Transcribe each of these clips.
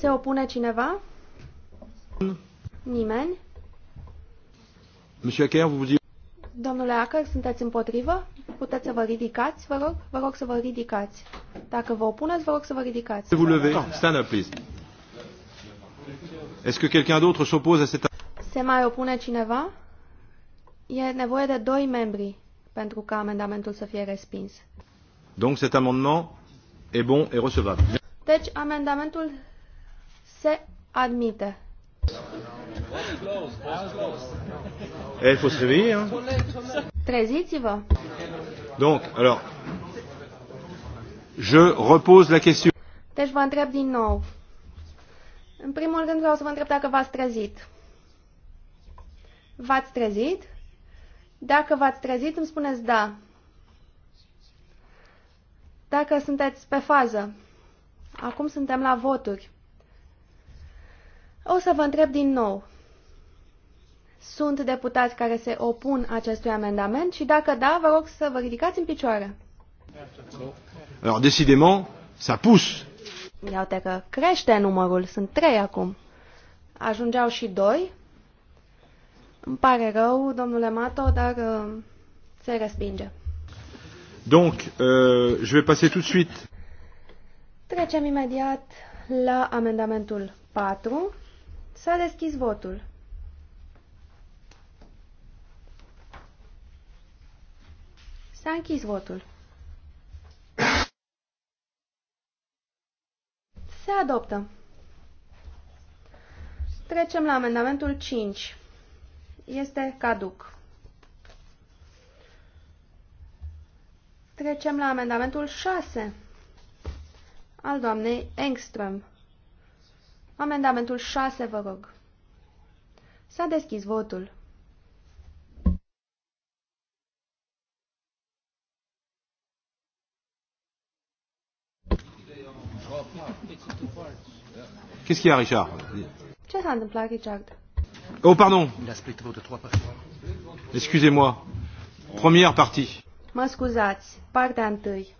Se opune cineva? Nimeni? Domnule Acker, sunteți împotrivă? Puteți să vă ridicați, vă rog? Vă rog să vă ridicați. Dacă vă opuneți, vă rog să vă ridicați. Vă levez. Stand up, please. Est-ce que quelqu'un d'autre s'oppose à cette... Se mai opune cineva? E nevoie de doi membri pentru ca amendamentul să fie respins. Donc cet amendement est bon et recevable. Deci amendamentul se admite. Il faut se réveiller. Hein. Treziți-vă. Donc, alors, je repose la question. Deci vă întreb din nou. În primul rând vreau să vă întreb dacă v-ați trezit. V-ați trezit? Dacă v-ați trezit, îmi spuneți da. Dacă sunteți pe fază. Acum suntem la voturi. O să vă întreb din nou. Sunt deputați care se opun acestui amendament și dacă da, vă rog să vă ridicați în picioare. Alors, décidément, ça pousse. Iată că crește numărul, sunt trei acum. Ajungeau și doi. Îmi pare rău, domnule Mato, dar uh, se respinge. Donc, uh, je vais passer tout de suite. Trecem imediat la amendamentul 4. S-a deschis votul. S-a închis votul. Se adoptă. Trecem la amendamentul 5. Este caduc. Trecem la amendamentul 6 al doamnei Engström. Amendamentul 6, vă rog. S-a deschis votul. Qu'est-ce qu'il y a, Richard quest Ce s-a întâmplat, Richard Oh, pardon. Il a split vote de trois parties. Excusez-moi. Première partie. Mă scuzați, partea întâi.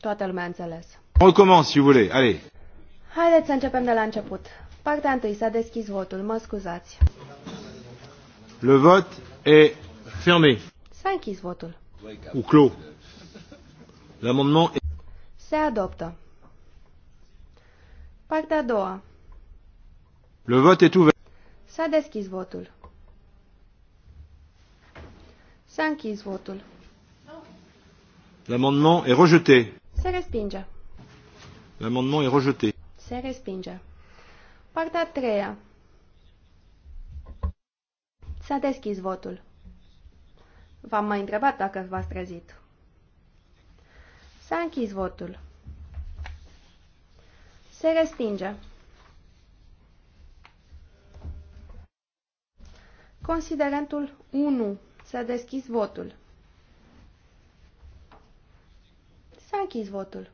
Toată lumea a înțeles. On commence, si vous voulez. Allez. Haideți să începem de la început. Partea întâi s-a deschis votul, mă scuzați. Le vot est fermé. S-a închis votul. Ou clos. L'amendement est... Se adoptă. Partea a doua. Le vot est ouvert. S-a deschis votul. S-a închis votul. L'amendement est rejeté. Se respinge. L'amendement est rejeté. Se respinge. Partea a treia. S-a deschis votul. V-am mai întrebat dacă v-ați trezit. S-a închis votul. Se respinge. Considerentul 1. S-a deschis votul. S-a închis votul.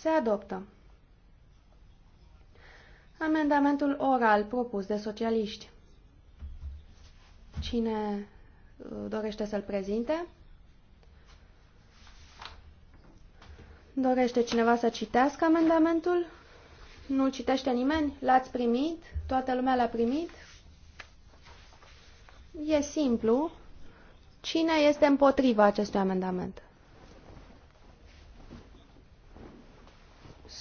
Se adoptă. Amendamentul oral propus de socialiști. Cine uh, dorește să-l prezinte? Dorește cineva să citească amendamentul? Nu-l citește nimeni? L-ați primit? Toată lumea l-a primit? E simplu. Cine este împotriva acestui amendament?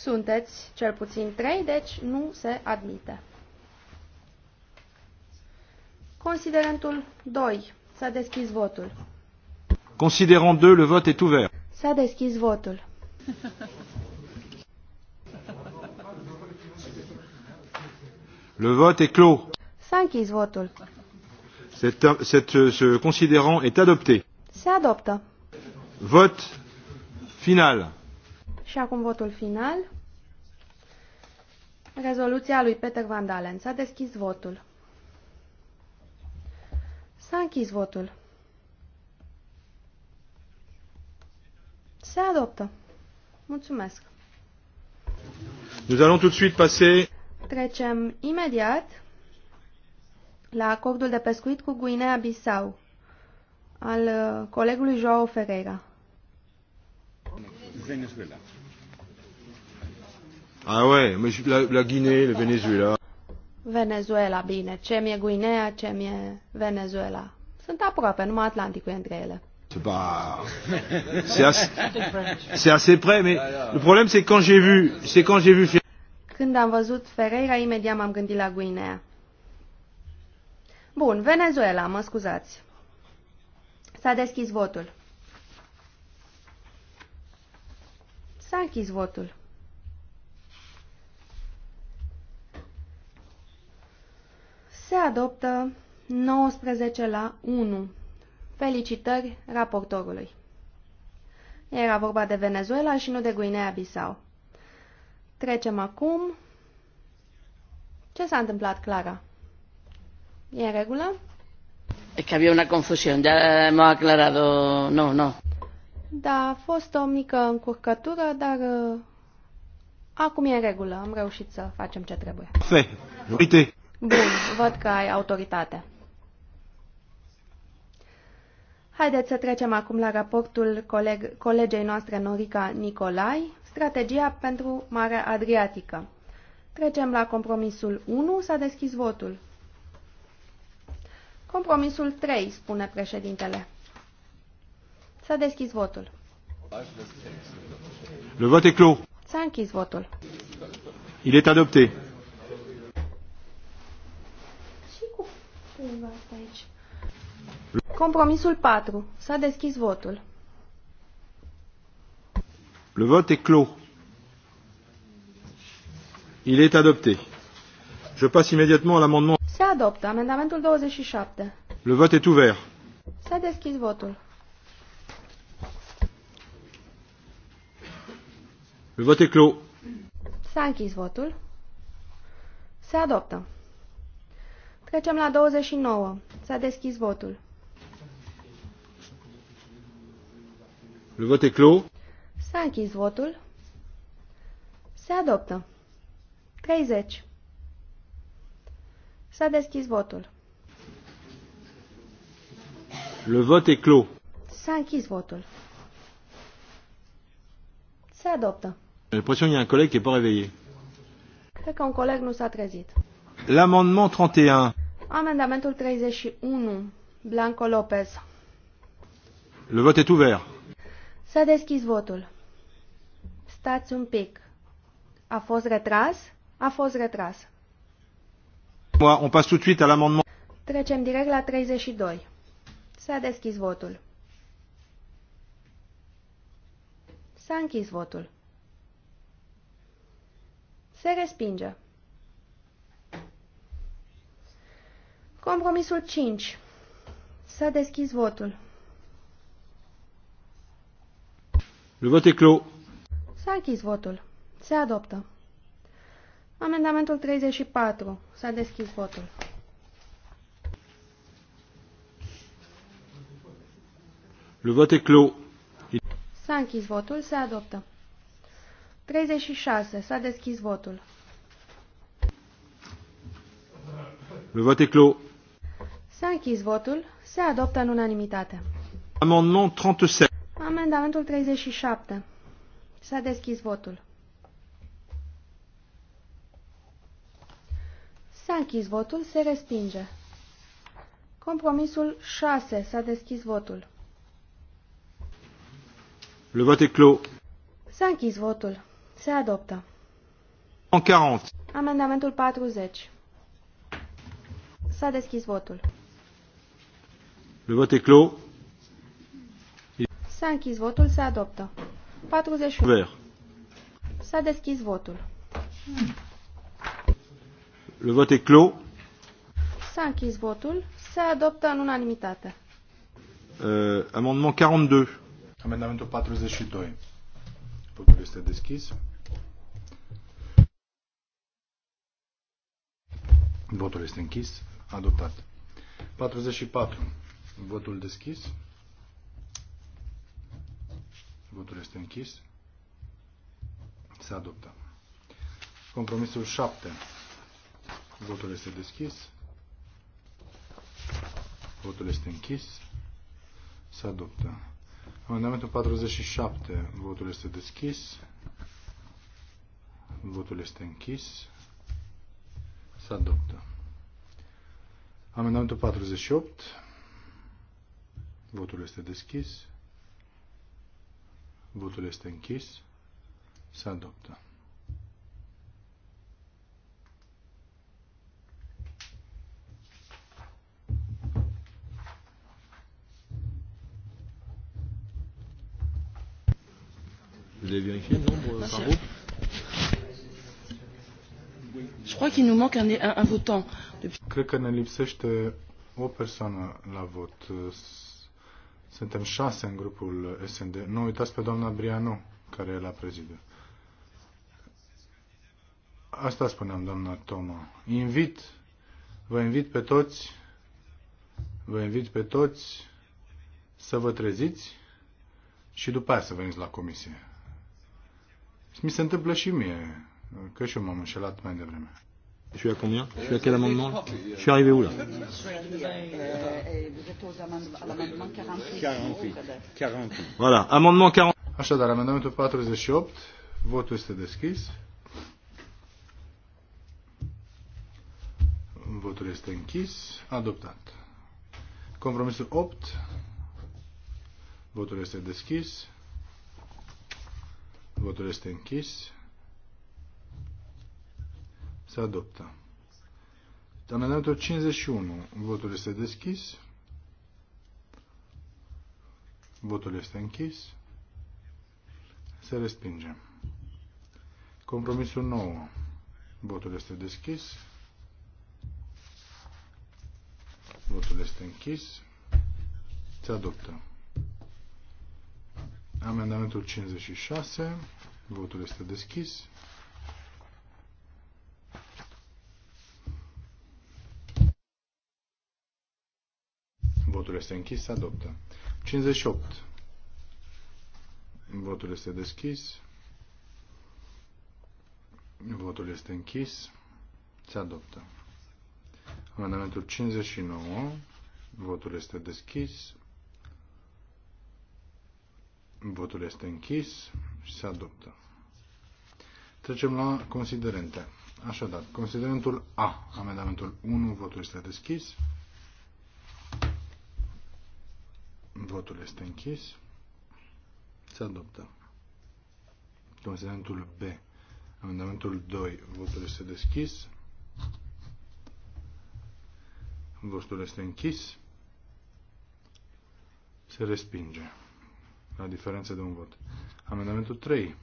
Sunteți cel puțin trei, deci nu se admite. Considerentul 2. S-a deschis votul. Considerant 2, le vot est ouvert. S-a deschis votul. Le vote est clos. S-a închis votul. Cet, cet, ce considérant est adopté. Se adoptă. Vot final. Și acum votul final rezoluția lui Peter Van Dalen. S-a deschis votul. S-a închis votul. Se adoptă. Mulțumesc. Nous allons tout de suite passer... Trecem imediat la acordul de pescuit cu Guinea-Bissau al uh, colegului Joao Ferreira. Venezuela. Ah ouais, mais la, la Guinée, le Venezuela. Venezuela, bine. Ce-mi e Guinea, ce-mi e Venezuela. Sunt aproape, numai Atlanticul e între ele. c'est assez, c'est assez près, mais le problème c'est quand j'ai vu, c'est quand j'ai vu. Când am văzut Ferreira, imediat m-am gândit la Guinea. Bun, Venezuela, mă scuzați. S-a deschis votul. S-a închis votul. Se adoptă 19 la 1. Felicitări raportorului. Era vorba de Venezuela și nu de Guinea-Bissau. Trecem acum. Ce s-a întâmplat, Clara? E în regulă? Es que había una confusión, ya hemos aclarado, no, no. Da, a fost o mică încurcătură, dar uh, acum e în regulă, am reușit să facem ce trebuie. Uite, Bun, văd că ai autoritate. Haideți să trecem acum la raportul coleg colegei noastre Norica Nicolai, strategia pentru Marea Adriatică. Trecem la compromisul 1, s-a deschis votul. Compromisul 3, spune președintele. S-a deschis votul. Le vote est clos. S-a închis votul. Il est adopté. Compromisul 4. S-a deschis votul. Le vote est clos. Il est adopté. Je passe immédiatement à l'amendement. Se adopte. amendamentul 27. Le vote est ouvert. S-a deschis votul. Le vote est clos. S-a închis votul. Se adopte. Trecem la 29. S-a deschis votul. Le vot est clos. S-a închis votul. Se adoptă. 30. S-a deschis votul. Le vot est clos. S-a închis votul. Se adoptă. J'ai l'impression qu'il y a un collègue qui n'est pas réveillé. Cred că un coleg nu s-a trezit. L'amendement 31. Amendamentul 31. Blanco Lopez. Le vot est ouvert. S-a deschis votul. Stați un pic. A fost retras? A fost retras. Moi, on passe tout de suite à l'amendement. Trecem direct la 32. S-a deschis votul. S-a închis votul. Se respinge. Compromisul 5. Să a deschis votul. Le vote est clos. S-a închis votul. Se adoptă. Amendamentul 34. S-a deschis votul. Le vote est clos. S-a închis votul. Se adoptă. 36. S-a deschis votul. Le vote est clos. S-a închis votul. Se adoptă în unanimitate. Amendament 37. Amendamentul 37. S-a deschis votul. S-a închis votul. Se respinge. Compromisul 6. S-a deschis votul. Le vot est clos. S-a închis votul. Se adoptă. 40. Amendamentul 40. S-a deschis votul. Le vote est clos. S-a închis votul, se adoptă. 41. Vert. S-a deschis votul. Le vote est clos. S-a închis votul, se adoptă în unanimitate. Euh, amendement 42. Amendamentul 42. Votul este deschis. Votul este închis. Adoptat. 44. Votul deschis. Votul este închis. Se adoptă. Compromisul 7. Votul este deschis. Votul este închis. Se adoptă. Amendamentul 47. Votul este deschis. Votul este închis. Se adoptă. Amendamentul 48. Votul este deschis. Votul este închis. Se adoptă. Vous avez vérifié le Je crois qu'il nous manque un, un, un votant. Cred că ne lipsește o persoană la vot. Suntem șase în grupul SND. Nu uitați pe doamna Brianu, care e la prezidiu. Asta spuneam, doamna Toma. Invit, vă invit pe toți, vă invit pe toți să vă treziți și după aia să veniți la comisie. Mi se întâmplă și mie, că și eu m-am înșelat mai devreme. Je suis à combien Je suis à quel amendement là Je suis arrivé où là euh, Voilà, amendement 40. Așadar, amendamentul 48, votul este deschis. Votul este închis. Adoptat. Compromisul 8. Votul este deschis. Votul este închis. Se adoptă. Amendamentul 51. Votul este deschis. Votul este închis. Se respinge. Compromisul 9. Votul este deschis. Votul este închis. Se adoptă. Amendamentul 56. Votul este deschis. Votul este închis. Se adoptă. 58. Votul este deschis. Votul este închis. Se adoptă. Amendamentul 59. Votul este deschis. Votul este închis și se adoptă. Trecem la considerente. Așadar, considerentul A, amendamentul 1, votul este deschis. Votul este închis. Se adoptă. Considerentul B. Amendamentul 2. Votul este deschis. Votul este închis. Se respinge. La diferență de un vot. Amendamentul 3.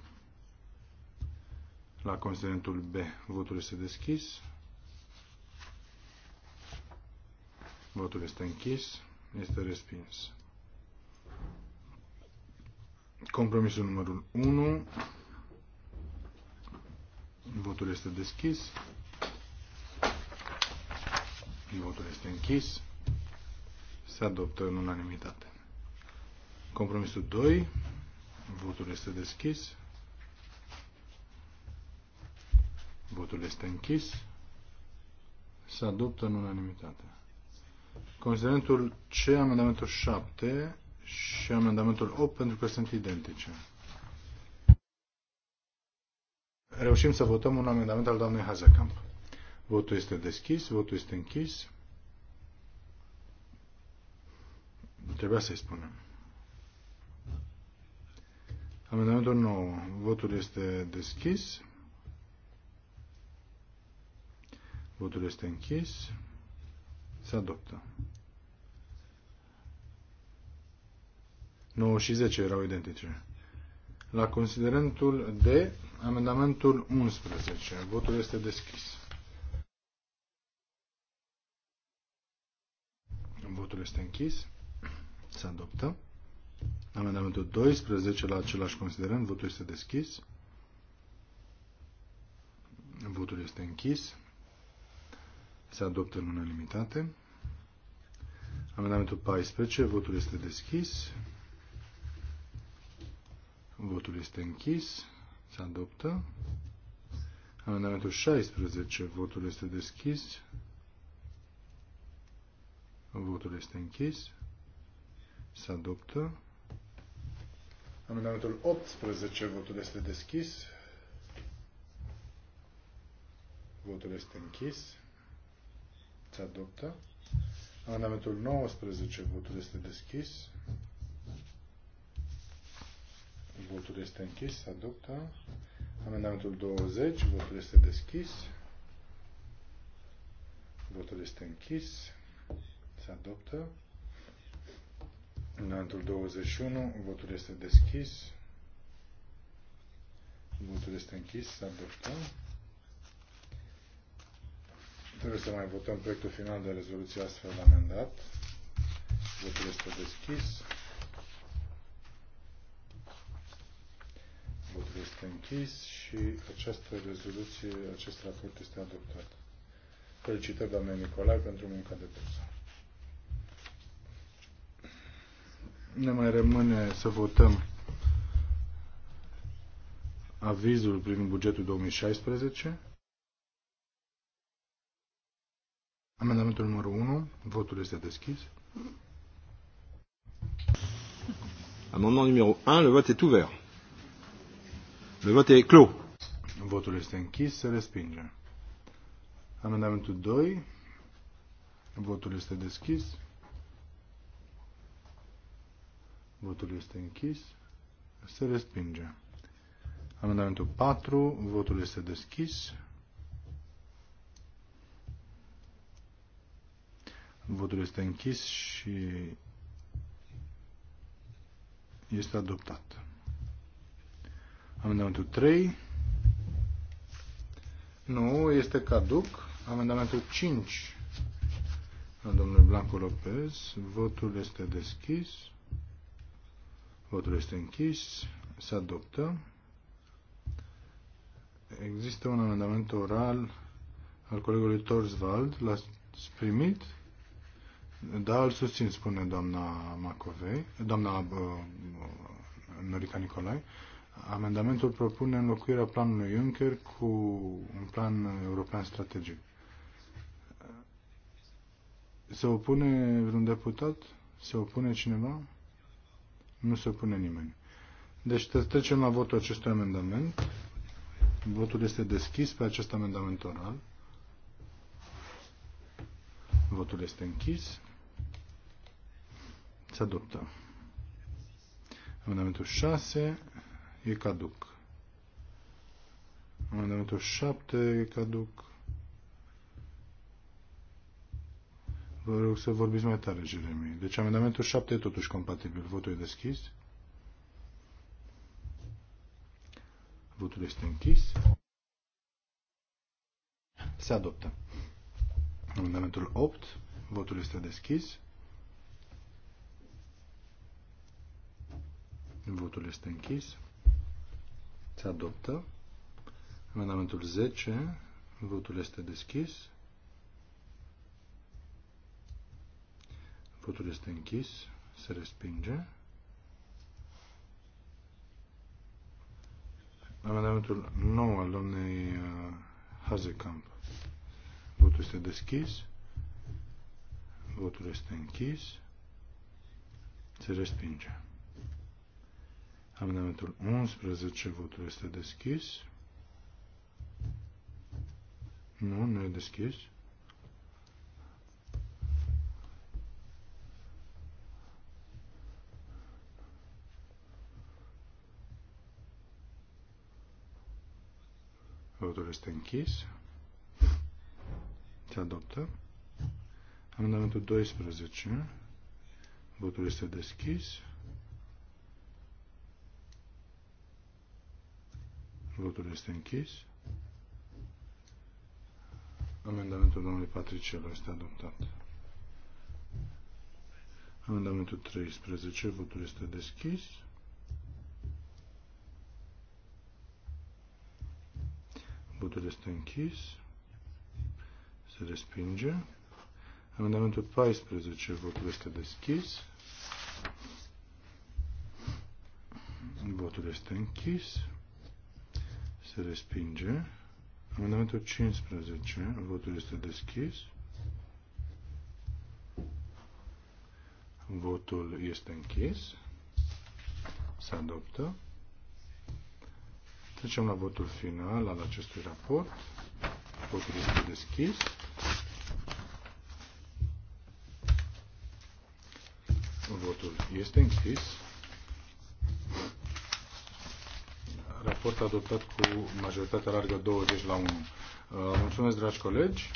La considerentul B. Votul este deschis. Votul este închis. Este respins. Compromisul numărul 1. Votul este deschis. Votul este închis. Se adoptă în unanimitate. Compromisul 2. Votul este deschis. Votul este închis. Se adoptă în unanimitate. Considerentul C, amendamentul 7, și amendamentul 8 pentru că sunt identice. Reușim să votăm un amendament al doamnei Hazacamp. Votul este deschis, votul este închis. Trebuia să-i spunem. Amendamentul 9. Votul este deschis. Votul este închis. Se adoptă. 9 și 10 erau identice. La considerentul D, amendamentul 11. Votul este deschis. Votul este închis. Se adoptă. Amendamentul 12 la același considerent. Votul este deschis. Votul este închis. Se adoptă în unanimitate. Amendamentul 14. Votul este deschis. Votul este închis. Se adoptă. Amendamentul 16. Votul este deschis. Votul este închis. Se adoptă. Amendamentul 18. Votul este deschis. Votul este închis. Se adoptă. Amendamentul 19. Votul este deschis. Votul este închis. Se adoptă. Amendamentul 20. Votul este deschis. Votul este închis. Se adoptă. Amendamentul 21. Votul este deschis. Votul este închis. Se adoptă. Trebuie să mai votăm proiectul final de rezoluție astfel amendat. Votul este deschis. este închis și această rezoluție, acest raport este adoptat. Felicitări, doamne Nicolae, pentru munca depusă. Ne mai rămâne să votăm avizul prin bugetul 2016. Amendamentul numărul 1. Votul este deschis. Amendamentul numărul 1. Le vot este ouvert e Votul este închis. Se respinge. Amendamentul 2. Votul este deschis. Votul este închis. Se respinge. Amendamentul 4. Votul este deschis. Votul este închis și este adoptat. Amendamentul 3. Nu, este caduc. Amendamentul 5 al domnului Blanco Lopez. Votul este deschis. Votul este închis. Se adoptă. Există un amendament oral al colegului Torsvald. L-ați primit? Da, îl susțin, spune doamna Macovei, doamna uh, uh Norica Nicolae. Uh, Amendamentul propune înlocuirea planului Juncker cu un plan european strategic. Se opune vreun deputat? Se opune cineva? Nu se opune nimeni. Deci trecem la votul acestui amendament. Votul este deschis pe acest amendament oral. Votul este închis. Se adoptă. Amendamentul 6 e caduc. Amendamentul 7 e caduc. Vă rog să vorbiți mai tare, Jeremy. Deci amendamentul 7 e totuși compatibil. Votul e deschis. Votul este închis. Se adoptă. Amendamentul 8. Votul este deschis. Votul este închis. Se adoptă. Amendamentul 10. Votul este deschis. Votul este închis. Se respinge. Amendamentul 9 al domnei uh, Hazekamp. Votul este deschis. Votul este închis. Se respinge. Amendamentul 11, votul este deschis. Nu, nu e deschis. Votul este închis. Se adoptă. Amendamentul 12. Votul este deschis. Votul este închis. Amendamentul domnului Patricelu este adoptat. Amendamentul 13. Votul este deschis. Votul este închis. Se respinge. Amendamentul 14. Votul este deschis. Votul este închis. Se respinge. Amendamentul 15. Votul este deschis. Votul este închis. Se adoptă. Trecem la votul final al acestui raport. Votul este deschis. Votul este închis. raport adoptat cu majoritate largă 20 la 1. Uh, mulțumesc, dragi colegi!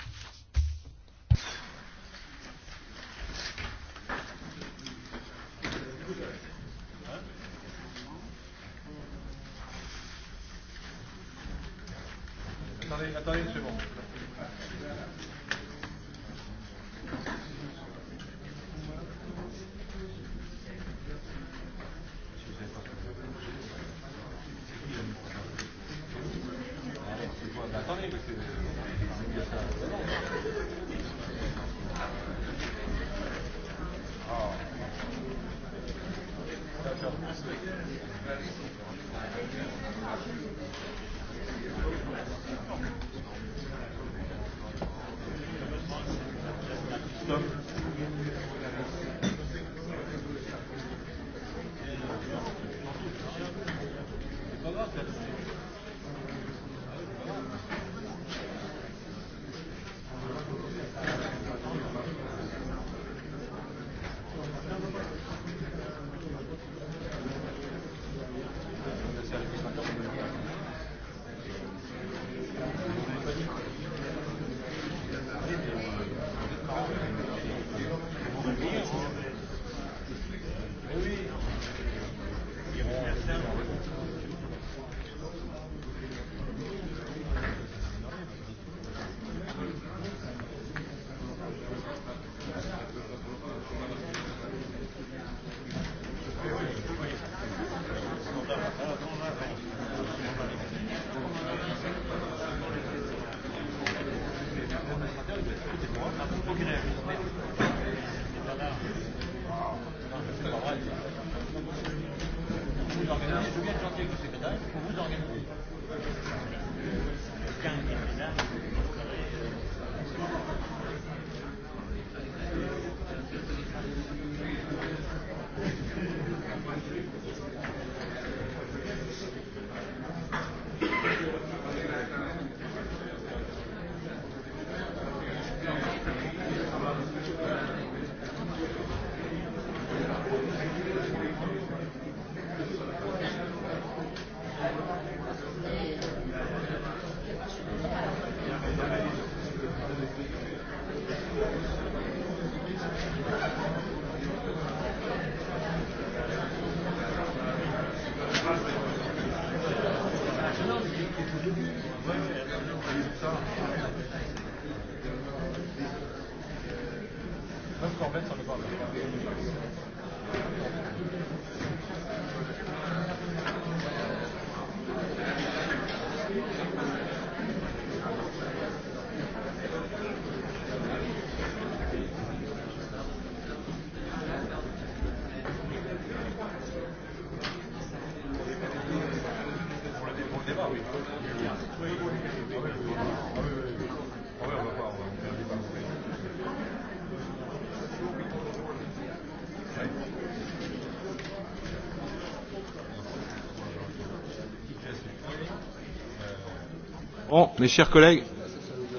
Mes chers collègues,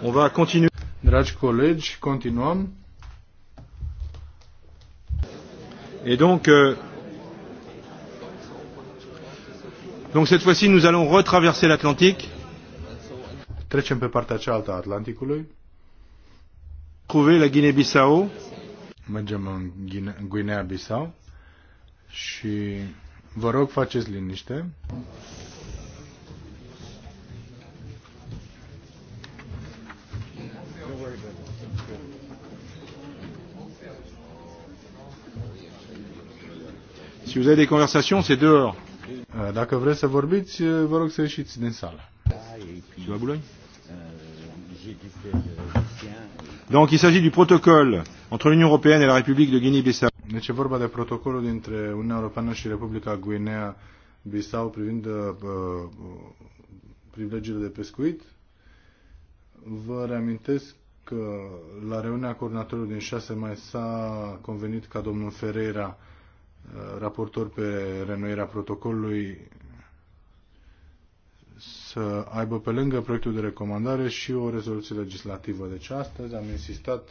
on va continuer. Dragi colegi, continuăm. Et donc, euh, donc cette fois-ci, nous allons retraverser l'Atlantique. Trecem pe partea cealaltă a Atlanticului. Trouver la Guinée-Bissau. Mergem în Guinea-Bissau. Și vă rog, faceți liniște. Si vous avez des conversations, c'est dehors. Eh, dacă vreți să vorbiți, eh, vă rog să ieșiți din sală. Tu vas Boulogne Donc il s'agit du protocole entre l'Union européenne et la République de Guinée-Bissau. Deci e vorba de protocolul dintre Uniunea Europeană și Republica Guinea-Bissau privind uh, privilegiile de pescuit. Vă reamintesc că la reuniunea coordonatorilor din 6 mai s-a convenit ca domnul Ferreira raportor pe renoirea protocolului să aibă pe lângă proiectul de recomandare și o rezoluție legislativă. Deci astăzi am insistat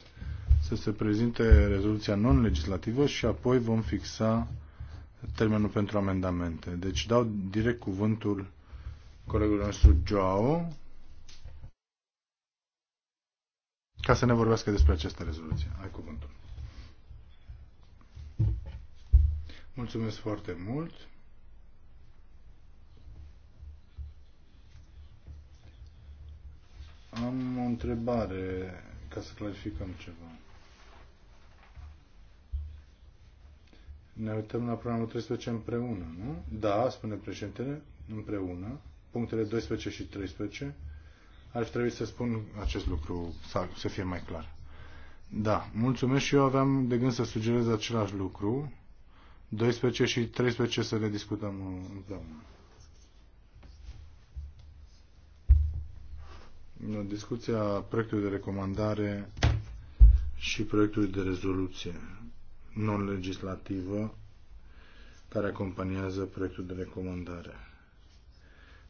să se prezinte rezoluția non-legislativă și apoi vom fixa termenul pentru amendamente. Deci dau direct cuvântul colegului nostru Joao ca să ne vorbească despre această rezoluție. Ai cuvântul. Mulțumesc foarte mult. Am o întrebare ca să clarificăm ceva. Ne uităm la programul 13 împreună, nu? Da, spune președintele, împreună. Punctele 12 și 13. Ar trebui să spun acest lucru, să fie mai clar. Da, mulțumesc și eu aveam de gând să sugerez același lucru. 12 și 13 să le discutăm împreună. Discuția proiectului de recomandare și proiectului de rezoluție non-legislativă care acompaniază proiectul de recomandare.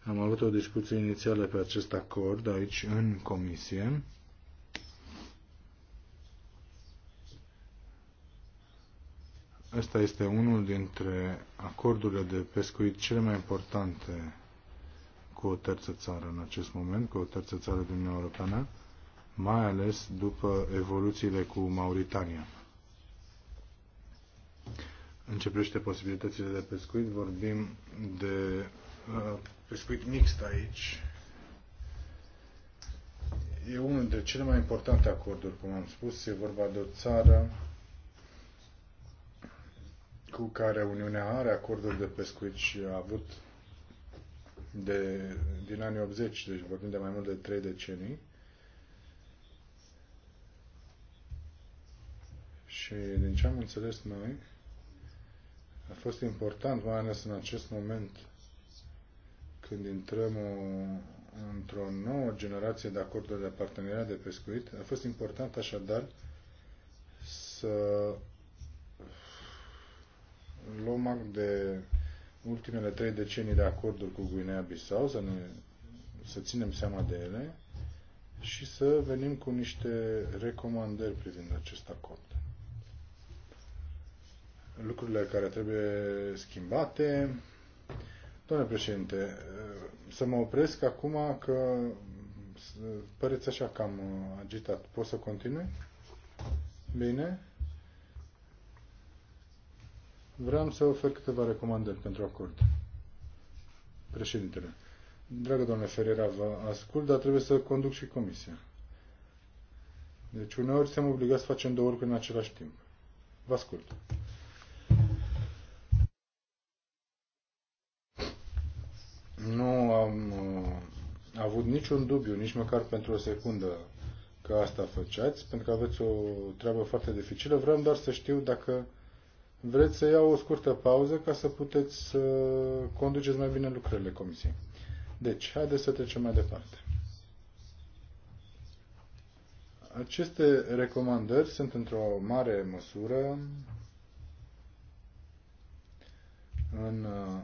Am avut o discuție inițială pe acest acord aici în comisie Ăsta este unul dintre acordurile de pescuit cele mai importante cu o terță țară în acest moment, cu o terță țară din Uniunea Europeană, mai ales după evoluțiile cu Mauritania. Începește posibilitățile de pescuit, vorbim de uh, pescuit mixt aici. E unul dintre cele mai importante acorduri, cum am spus, e vorba de o țară cu care Uniunea are acorduri de pescuit și a avut de, din anii 80, deci vorbim de mai mult de trei decenii. Și din ce am înțeles noi, a fost important, mai ales în acest moment, când intrăm o, într-o nouă generație de acorduri de parteneriat de pescuit, a fost important așadar să luăm act de ultimele trei decenii de acorduri cu Guinea-Bissau, să, ne, să ținem seama de ele și să venim cu niște recomandări privind acest acord. Lucrurile care trebuie schimbate. Domnule președinte, să mă opresc acum că păreți așa cam agitat. Pot să continui? Bine vreau să ofer câteva recomandări pentru acord. Președintele. Dragă doamne Ferreira, vă ascult, dar trebuie să conduc și comisia. Deci uneori suntem obligați să facem două lucruri în același timp. Vă ascult. Nu am uh, avut niciun dubiu, nici măcar pentru o secundă, că asta făceați, pentru că aveți o treabă foarte dificilă. Vreau doar să știu dacă Vreți să iau o scurtă pauză ca să puteți să conduceți mai bine lucrările comisiei. Deci, haideți să trecem mai departe. Aceste recomandări sunt într-o mare măsură în uh,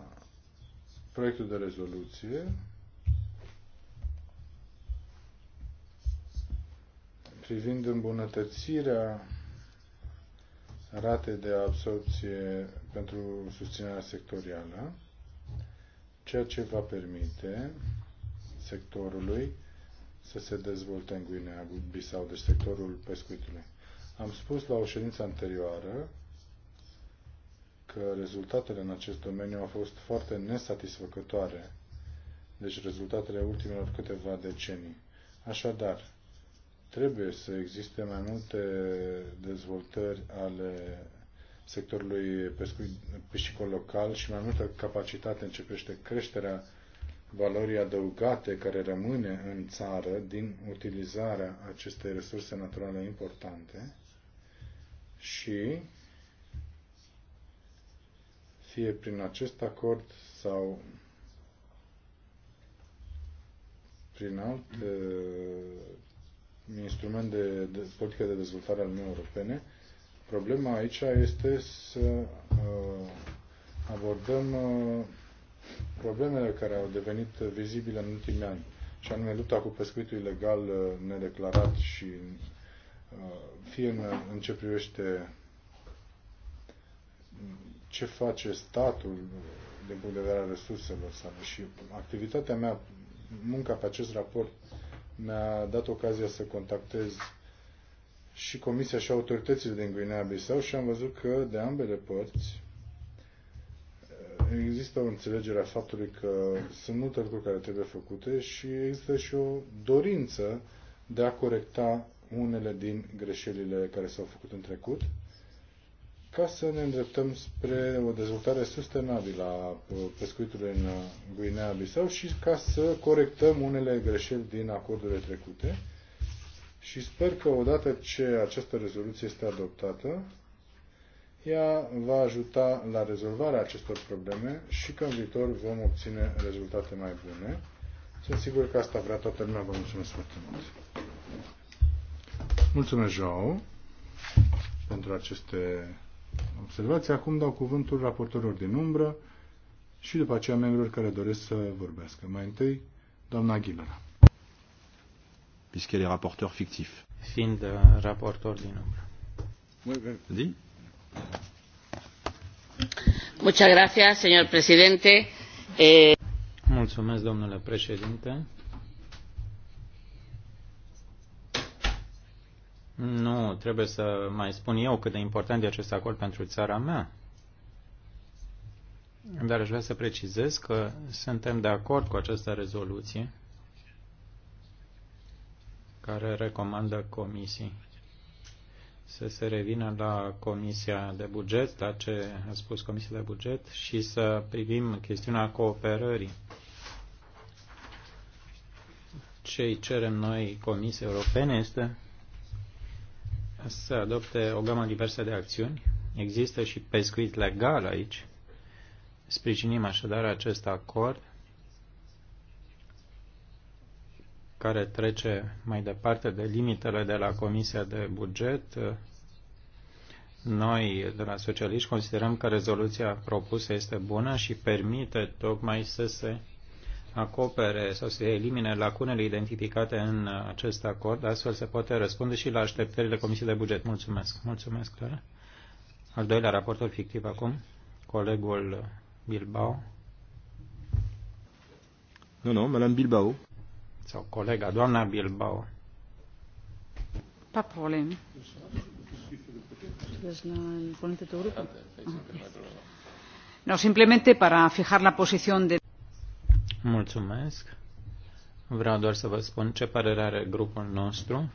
proiectul de rezoluție privind îmbunătățirea rate de absorpție pentru susținerea sectorială, ceea ce va permite sectorului să se dezvolte în Guinea Bissau, deci sectorul pescuitului. Am spus la o ședință anterioară că rezultatele în acest domeniu au fost foarte nesatisfăcătoare, deci rezultatele ultimelor câteva decenii. Așadar, trebuie să existe mai multe dezvoltări ale sectorului pescuit local și mai multă capacitate începește creșterea valorii adăugate care rămâne în țară din utilizarea acestei resurse naturale importante și fie prin acest acord sau prin alte instrument de, de politică de dezvoltare al Uniunii Europene. Problema aici este să uh, abordăm uh, problemele care au devenit vizibile în ultimii ani, și anume lupta cu pescuitul ilegal uh, nedeclarat și uh, fie în, în ce privește ce face statul din punct de vedere al resurselor sau Și activitatea mea, munca pe acest raport, uh, mi-a dat ocazia să contactez și Comisia și autoritățile din Guinea-Bissau și am văzut că de ambele părți eh, există o înțelegere a faptului că sunt multe lucruri care trebuie făcute și există și o dorință de a corecta unele din greșelile care s-au făcut în trecut ca să ne îndreptăm spre o dezvoltare sustenabilă a uh, pescuitului în uh, Guinea-Bissau și ca să corectăm unele greșeli din acordurile trecute. Și sper că odată ce această rezoluție este adoptată, ea va ajuta la rezolvarea acestor probleme și că în viitor vom obține rezultate mai bune. Sunt sigur că asta vrea toată lumea. Vă mulțumesc foarte mult. Mulțumesc, Joao, pentru aceste observații. Acum dau cuvântul raportorilor din umbră și după aceea membrilor care doresc să vorbească. Mai întâi, doamna Aguilera. Puisqu'elle est raporteur fictif. Fiind uh, raportor din umbră. Di? Muchas gracias, señor presidente. Eh, Mulțumesc, domnule președinte. Nu, trebuie să mai spun eu cât de important e acest acord pentru țara mea. Dar aș vrea să precizez că suntem de acord cu această rezoluție care recomandă comisii să se revină la Comisia de Buget, la ce a spus Comisia de Buget, și să privim chestiunea cooperării. Ce îi cerem noi Comisiei Europene este să adopte o gamă diversă de acțiuni. Există și pescuit legal aici. Sprijinim așadar acest acord care trece mai departe de limitele de la Comisia de Buget. Noi, de la socialiști, considerăm că rezoluția propusă este bună și permite tocmai să se acopere sau să elimine lacunele identificate în acest acord, astfel se poate răspunde și la așteptările Comisiei de Buget. Mulțumesc. Mulțumesc, Clara. Al doilea raportor fictiv acum, colegul Bilbao. Nu, nu, Madame Bilbao. Sau colega, doamna Bilbao. Pas problem. Deci, ah, no, simplemente para fijar la posición de... Mulțumesc. Vreau doar să vă spun ce părere are grupul nostru.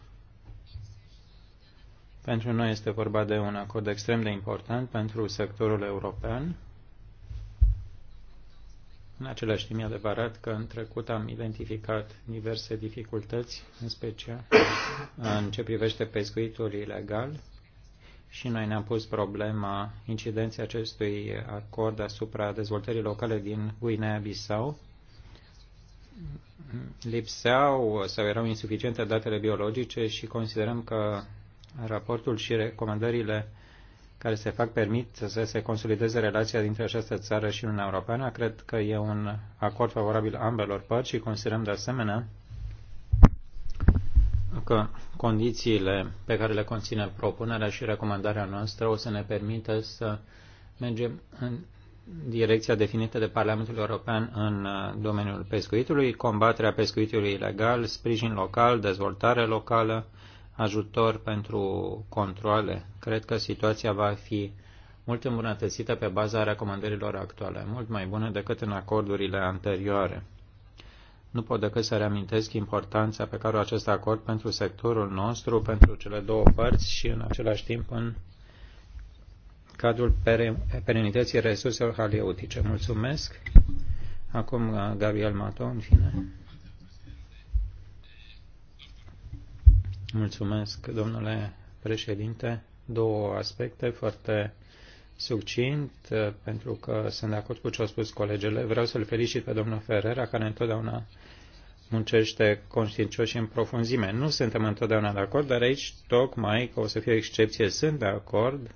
Pentru noi este vorba de un acord extrem de important pentru sectorul european. În același timp, e adevărat că în trecut am identificat diverse dificultăți, în special în ce privește pescuitul ilegal și noi ne-am pus problema incidenței acestui acord asupra dezvoltării locale din Guinea-Bissau lipseau sau erau insuficiente datele biologice și considerăm că raportul și recomandările care se fac permit să se consolideze relația dintre această țară și Uniunea Europeană. Cred că e un acord favorabil ambelor părți și considerăm de asemenea că condițiile pe care le conține propunerea și recomandarea noastră o să ne permită să mergem în direcția definită de Parlamentul European în uh, domeniul pescuitului, combaterea pescuitului ilegal, sprijin local, dezvoltare locală, ajutor pentru controle. Cred că situația va fi mult îmbunătățită pe baza recomandărilor actuale, mult mai bună decât în acordurile anterioare. Nu pot decât să reamintesc importanța pe care o acest acord pentru sectorul nostru, pentru cele două părți și în același timp în cadrul perenității resurselor haleutice. Mulțumesc. Acum uh, Gabriel Mato, în fine. Mulțumesc, domnule președinte. Două aspecte foarte succint, uh, pentru că sunt de acord cu ce au spus colegele. Vreau să-l felicit pe domnul Ferrera, care întotdeauna muncește conștiincios și în profunzime. Nu suntem întotdeauna de acord, dar aici, tocmai că o să fie o excepție, sunt de acord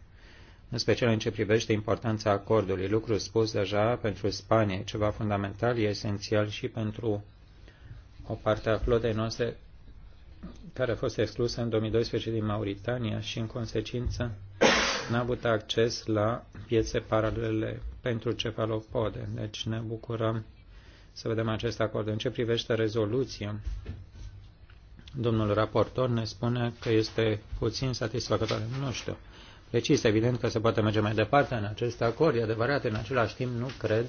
în special în ce privește importanța acordului. Lucru spus deja pentru Spania, ceva fundamental, e esențial și pentru o parte a flotei noastre care a fost exclusă în 2012 din Mauritania și, în consecință, n-a avut acces la piețe paralele pentru cefalopode. Deci ne bucurăm să vedem acest acord. În ce privește rezoluția, domnul raportor ne spune că este puțin satisfăcătoare. Nu știu. Deci este evident că se poate merge mai departe în acest acord, e adevărat, în același timp nu cred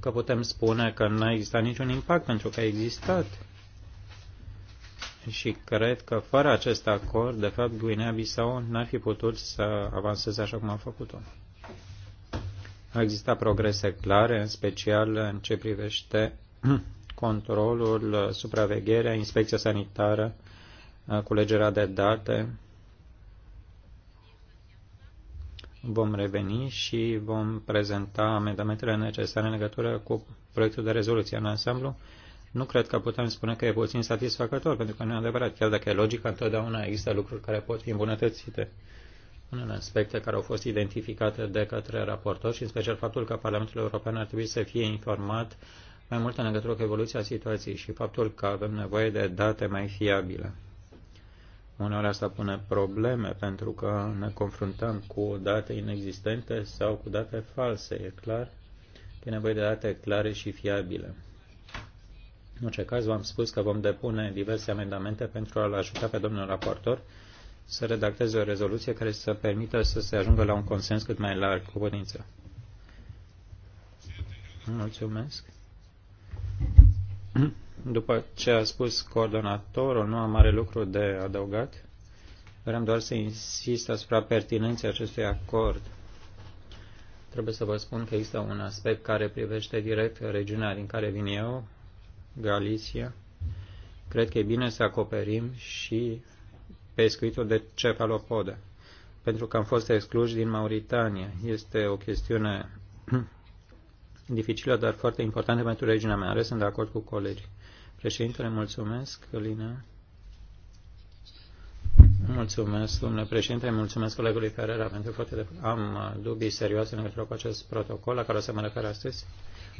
că putem spune că nu a existat niciun impact pentru că a existat. Și cred că fără acest acord, de fapt, Guinea-Bissau n-ar fi putut să avanseze așa cum a făcut-o. A existat progrese clare, în special în ce privește controlul, supravegherea, inspecția sanitară, culegerea de date, vom reveni și vom prezenta amendamentele necesare în legătură cu proiectul de rezoluție. În ansamblu, nu cred că putem spune că e puțin satisfăcător, pentru că nu e adevărat. Chiar dacă e logică, întotdeauna există lucruri care pot fi îmbunătățite. Unele aspecte care au fost identificate de către raportor și în special faptul că Parlamentul European ar trebui să fie informat mai mult în legătură cu evoluția situației și faptul că avem nevoie de date mai fiabile. Uneori asta pune probleme pentru că ne confruntăm cu date inexistente sau cu date false. E clar e nevoie de date clare și fiabile. În orice caz, v-am spus că vom depune diverse amendamente pentru a-l ajuta pe domnul raportor să redacteze o rezoluție care să permită să se ajungă la un consens cât mai larg cu putință. Mulțumesc. După ce a spus coordonatorul, nu am mare lucru de adăugat. Vrem doar să insist asupra pertinenței acestui acord. Trebuie să vă spun că există un aspect care privește direct regiunea din care vin eu, Galicia. Cred că e bine să acoperim și pescuitul de cefalopodă, pentru că am fost excluși din Mauritania. Este o chestiune dificilă, dar foarte importantă pentru regiunea mea, ales sunt de acord cu colegii. Președintele, mulțumesc, Lina. Mulțumesc, domnule președinte, mulțumesc colegului Ferreira pentru foarte că am uh, dubii serioase în legătură cu acest protocol la care să mă refer astăzi.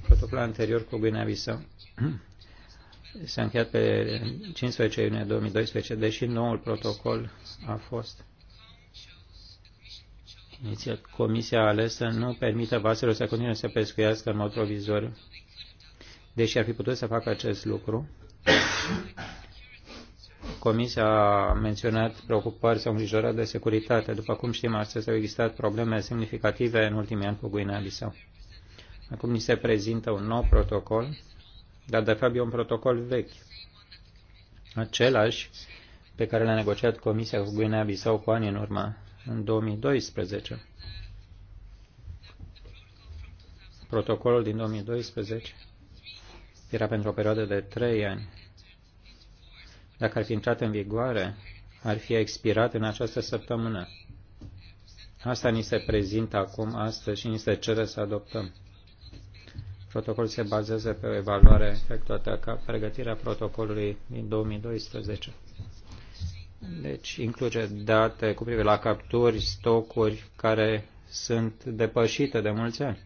Protocolul anterior cu Guinea-Bissau s-a încheiat pe 15 iunie 2012, deși noul protocol a fost Comisia alesă nu permite vaselor să continue să pescuiască în mod provizoriu deși ar fi putut să facă acest lucru. Comisia a menționat preocupări sau îngrijorări de securitate. După cum știm, astăzi au existat probleme semnificative în ultimii ani cu Guinea-Bissau. Acum ni se prezintă un nou protocol, dar de fapt e un protocol vechi. Același pe care l-a negociat Comisia cu Guinea-Bissau cu ani în urmă, în 2012. Protocolul din 2012 era pentru o perioadă de trei ani. Dacă ar fi intrat în vigoare, ar fi expirat în această săptămână. Asta ni se prezintă acum, astăzi, și ni se cere să adoptăm. Protocolul se bazează pe o evaluare efectuată ca pregătirea protocolului din 2012. Deci include date cu privire la capturi, stocuri care sunt depășite de mulți ani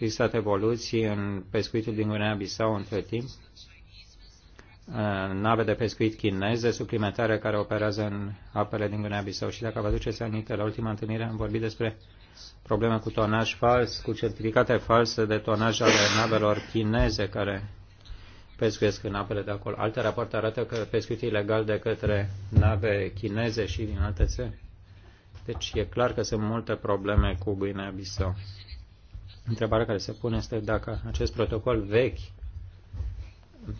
existat evoluții în pescuitul din Guinea Bissau între timp. Nave de pescuit chineze suplimentare care operează în apele din Guinea Bissau. Și dacă vă aduceți aminte, la ultima întâlnire am vorbit despre probleme cu tonaj fals, cu certificate false de tonaj ale navelor chineze care pescuiesc în apele de acolo. Alte rapoarte arată că pescuit ilegal de către nave chineze și din alte țări. Deci e clar că sunt multe probleme cu Guinea Bissau. Întrebarea care se pune este dacă acest protocol vechi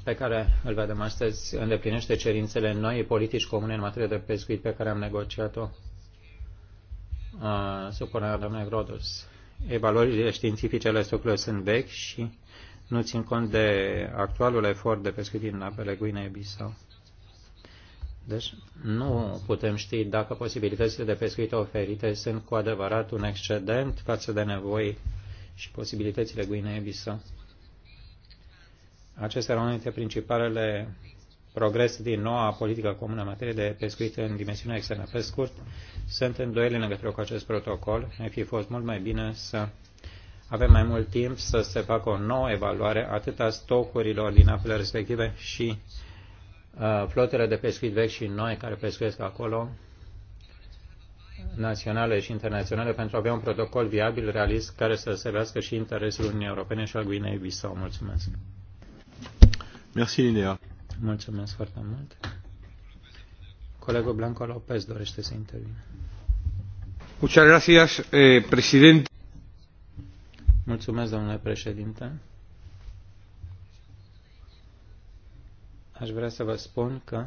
pe care îl vedem astăzi îndeplinește cerințele noii politici comune în materie de pescuit pe care am negociat-o uh, supunerea doamnei Grodus. Evaluările științifice ale stocului sunt vechi și nu țin cont de actualul efort de pescuit în apele Guinei Bissau. Deci nu putem ști dacă posibilitățile de pescuit oferite sunt cu adevărat un excedent față de nevoi și posibilitățile Guinea-Bissau. Acestea erau dintre principalele progrese din noua politică comună în materie de pescuit în dimensiunea externă. Pe scurt, sunt îndoieli în legătură cu acest protocol. Ne fi fost mult mai bine să avem mai mult timp să se facă o nouă evaluare atât a stocurilor din apele respective și uh, flotele de pescuit vechi și noi care pescuiesc acolo, naționale și internaționale pentru a avea un protocol viabil, realist, care să servească și interesul Uniunii Europene și al Guinei Bissau. Mulțumesc. Merci, Linea. Mulțumesc foarte mult. Colegul Blanco Lopez dorește să intervină. Muchas gracias, eh, presidente. Mulțumesc, domnule președinte. Aș vrea să vă spun că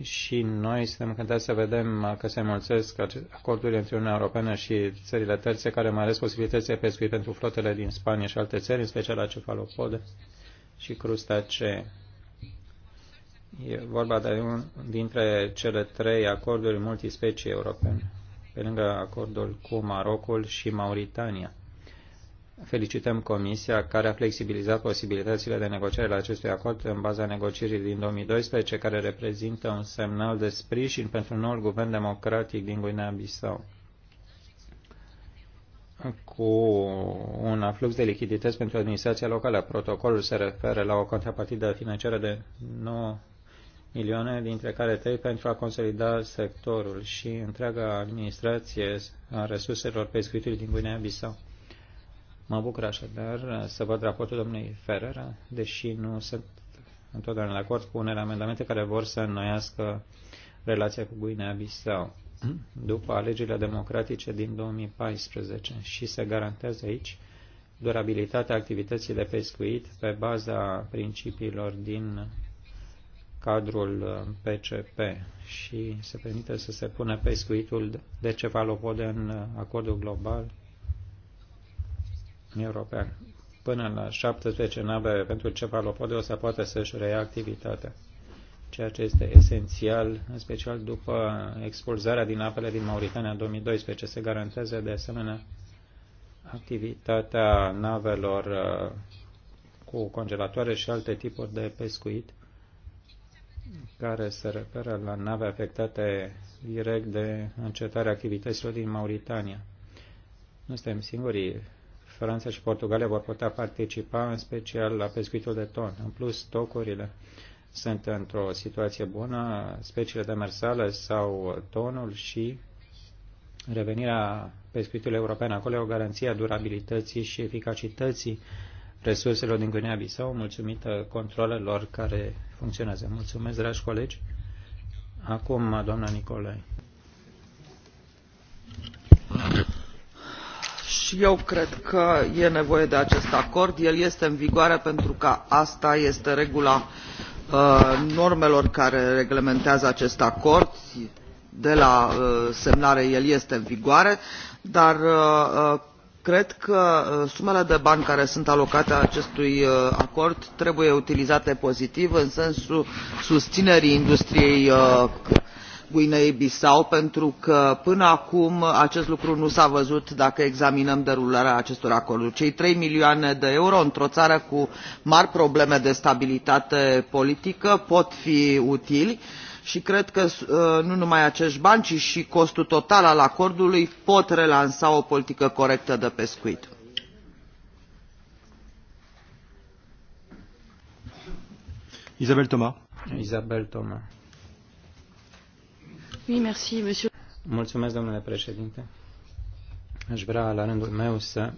și noi suntem încântați să vedem că se înmulțesc acordurile între Uniunea Europeană și țările terțe care mai ales posibilități de pescuit pentru flotele din Spania și alte țări, în special la cefalopode și crustacee. E vorba de un dintre cele trei acorduri multispecie europene, pe lângă acordul cu Marocul și Mauritania. Felicităm Comisia care a flexibilizat posibilitățile de negociere la acestui acord în baza negocierii din 2012, care reprezintă un semnal de sprijin pentru noul guvern democratic din Guinea-Bissau cu un aflux de lichidități pentru administrația locală. Protocolul se referă la o contrapartidă financiară de 9 milioane, dintre care 3 pentru a consolida sectorul și întreaga administrație a resurselor pescuitului din Guinea-Bissau. Mă bucur așadar să văd raportul domnului Ferrer, deși nu sunt întotdeauna de acord cu unele amendamente care vor să înnoiască relația cu Guinea-Bissau după alegerile democratice din 2014 și se garantează aici durabilitatea activității de pescuit pe baza principiilor din cadrul PCP și se permite să se pună pescuitul de cefalopode în acordul global european. Până la 17 nave pentru cefalopode o să poată să-și reia activitatea, ceea ce este esențial, în special după expulzarea din apele din Mauritania în 2012. Se garantează de asemenea activitatea navelor uh, cu congelatoare și alte tipuri de pescuit care se referă la nave afectate direct de încetarea activităților din Mauritania. Nu suntem singurii Franța și Portugalia vor putea participa, în special la pescuitul de ton. În plus, stocurile sunt într-o situație bună, speciile de mersală sau tonul și revenirea pescuitului european acolo e o garanție a durabilității și eficacității resurselor din Guinea-Bissau, mulțumită controlelor care funcționează. Mulțumesc, dragi colegi. Acum, doamna Nicolae. și eu cred că e nevoie de acest acord el este în vigoare pentru că asta este regula uh, normelor care reglementează acest acord de la uh, semnare el este în vigoare dar uh, cred că sumele de bani care sunt alocate acestui acord trebuie utilizate pozitiv în sensul susținerii industriei creative guineei bissau pentru că până acum acest lucru nu s a văzut dacă examinăm derularea acestor acorduri. cei trei milioane de euro într o țară cu mari probleme de stabilitate politică pot fi utili și cred că uh, nu numai acești bani ci și costul total al acordului pot relansa o politică corectă de pescuit. Isabel Thomas. Isabel Mulțumesc, domnule președinte. Aș vrea, la rândul meu, să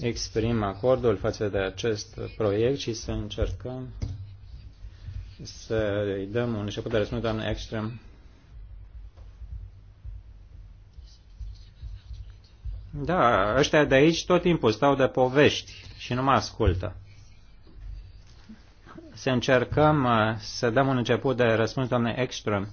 exprim acordul față de acest proiect și să încercăm să îi dăm un început de răspuns, doamne Ekström. Da, ăștia de aici tot timpul stau de povești și nu mă ascultă. Să încercăm uh, să dăm un început de răspuns, doamne Ekström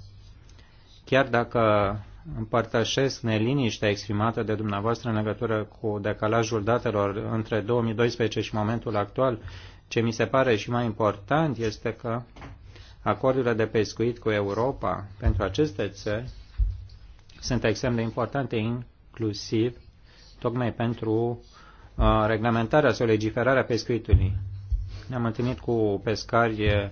Chiar dacă împărtășesc neliniștea exprimată de dumneavoastră în legătură cu decalajul datelor între 2012 și momentul actual, ce mi se pare și mai important este că acordurile de pescuit cu Europa pentru aceste țări sunt extrem de importante, inclusiv tocmai pentru uh, reglementarea sau legiferarea pescuitului. Ne-am întâlnit cu pescari uh,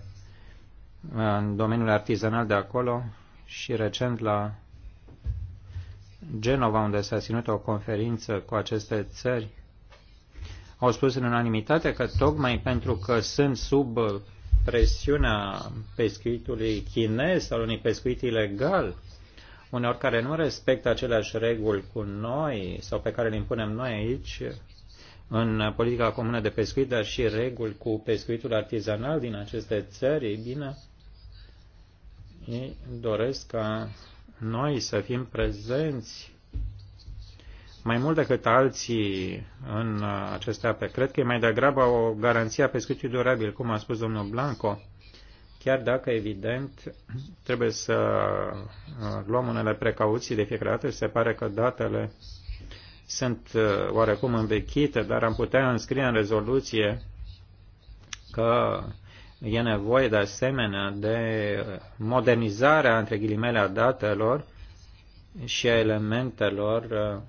în domeniul artizanal de acolo și recent la Genova, unde s-a ținut o conferință cu aceste țări, au spus în unanimitate că tocmai pentru că sunt sub presiunea pescuitului chinez sau unui pescuit ilegal, uneori care nu respectă aceleași reguli cu noi sau pe care le impunem noi aici, în politica comună de pescuit, dar și reguli cu pescuitul artizanal din aceste țări, e bine, ei doresc ca noi să fim prezenți mai mult decât alții în aceste ape. Cred că e mai degrabă o garanție a pescuitului durabil, cum a spus domnul Blanco, chiar dacă, evident, trebuie să uh, luăm unele precauții de fiecare dată se pare că datele sunt uh, oarecum învechite, dar am putea înscrie în rezoluție că E nevoie de asemenea de modernizarea, între ghilimele, a datelor și a elementelor uh,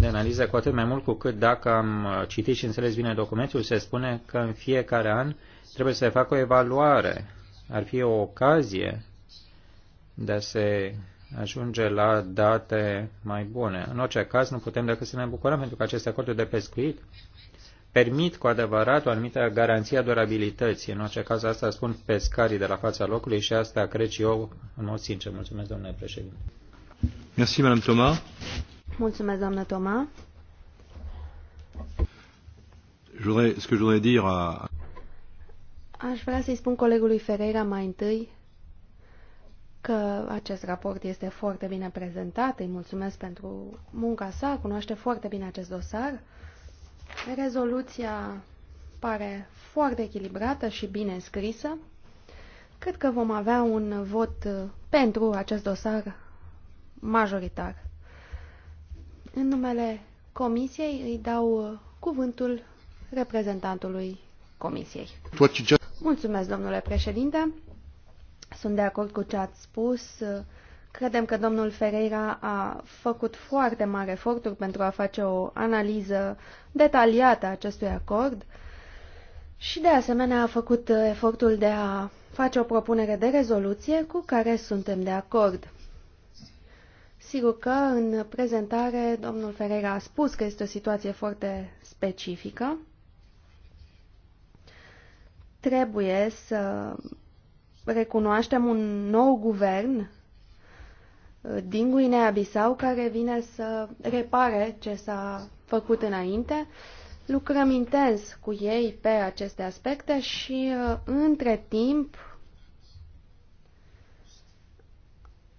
de analiză, cu atât mai mult cu cât dacă am citit și înțeles bine documentul, se spune că în fiecare an trebuie să se facă o evaluare. Ar fi o ocazie de a se ajunge la date mai bune. În orice caz, nu putem decât să ne bucurăm pentru că aceste acorduri de pescuit permit cu adevărat o anumită garanție a durabilității. În orice caz, asta spun pescarii de la fața locului și asta cred și eu în mod sincer. Mulțumesc, domnule președinte. Mersi, madame Thomas. Mulțumesc, doamnă Toma. Aș vrea să-i spun colegului Ferreira mai întâi că acest raport este foarte bine prezentat, îi mulțumesc pentru munca sa, cunoaște foarte bine acest dosar Rezoluția pare foarte echilibrată și bine scrisă. Cred că vom avea un vot pentru acest dosar majoritar. În numele Comisiei îi dau cuvântul reprezentantului Comisiei. Mulțumesc, domnule președinte. Sunt de acord cu ce ați spus. Credem că domnul Ferreira a făcut foarte mari eforturi pentru a face o analiză detaliată a acestui acord și de asemenea a făcut efortul de a face o propunere de rezoluție cu care suntem de acord. Sigur că în prezentare domnul Ferreira a spus că este o situație foarte specifică. Trebuie să recunoaștem un nou guvern din Guinea Bissau care vine să repare ce s-a făcut înainte. Lucrăm intens cu ei pe aceste aspecte și uh, între timp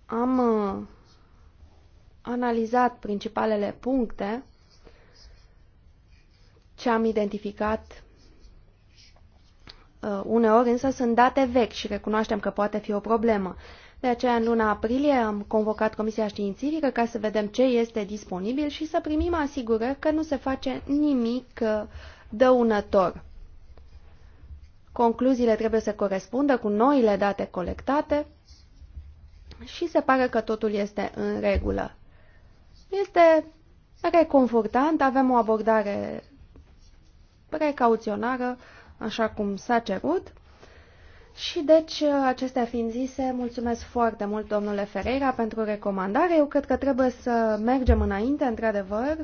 am uh, analizat principalele puncte ce am identificat uh, uneori, însă sunt date vechi și recunoaștem că poate fi o problemă. De aceea, în luna aprilie, am convocat Comisia Științifică ca să vedem ce este disponibil și să primim asigurări că nu se face nimic uh, dăunător. Concluziile trebuie să corespundă cu noile date colectate și se pare că totul este în regulă. Este reconfortant, avem o abordare precauționară, așa cum s-a cerut, și deci, acestea fiind zise, mulțumesc foarte mult, domnule Ferreira, pentru recomandare. Eu cred că trebuie să mergem înainte, într-adevăr.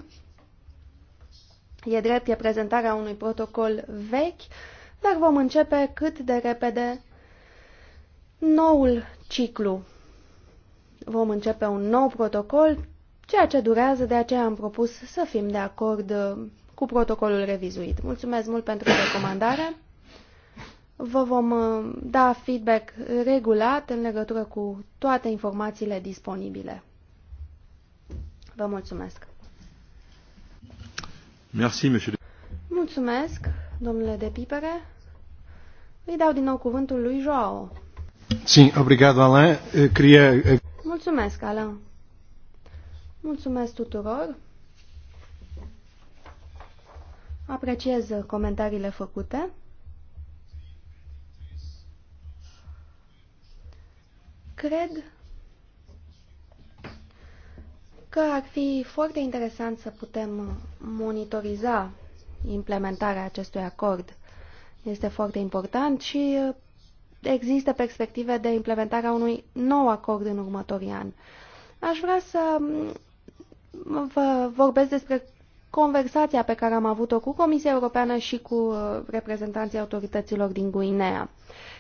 E drept, e prezentarea unui protocol vechi, dar vom începe cât de repede noul ciclu. Vom începe un nou protocol, ceea ce durează, de aceea am propus să fim de acord cu protocolul revizuit. Mulțumesc mult pentru recomandare. Vă vom uh, da feedback regulat în legătură cu toate informațiile disponibile. Vă mulțumesc. Merci, monsieur. Mulțumesc, domnule de Pipere. Îi dau din nou cuvântul lui Joao. Sim, obrigado, Alain. Eh, queria... Eh, mulțumesc, Alain. Mulțumesc tuturor. Apreciez comentariile făcute. Cred că ar fi foarte interesant să putem monitoriza implementarea acestui acord. Este foarte important și există perspective de implementarea unui nou acord în următorii ani. Aș vrea să vă vorbesc despre conversația pe care am avut-o cu Comisia Europeană și cu reprezentanții autorităților din Guinea.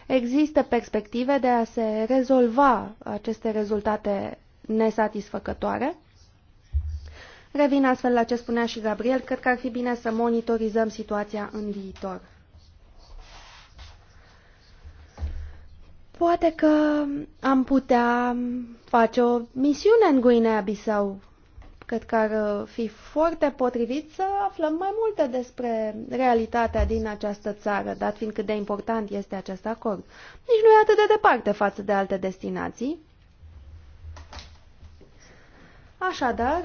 Există perspective de a se rezolva aceste rezultate nesatisfăcătoare. Revin astfel la ce spunea și Gabriel, cred că ar fi bine să monitorizăm situația în viitor. Poate că am putea face o misiune în Guinea-Bissau Cred că ar uh, fi foarte potrivit să aflăm mai multe despre realitatea din această țară, dat fiind cât de important este acest acord. Nici nu e atât de departe față de alte destinații. Așadar,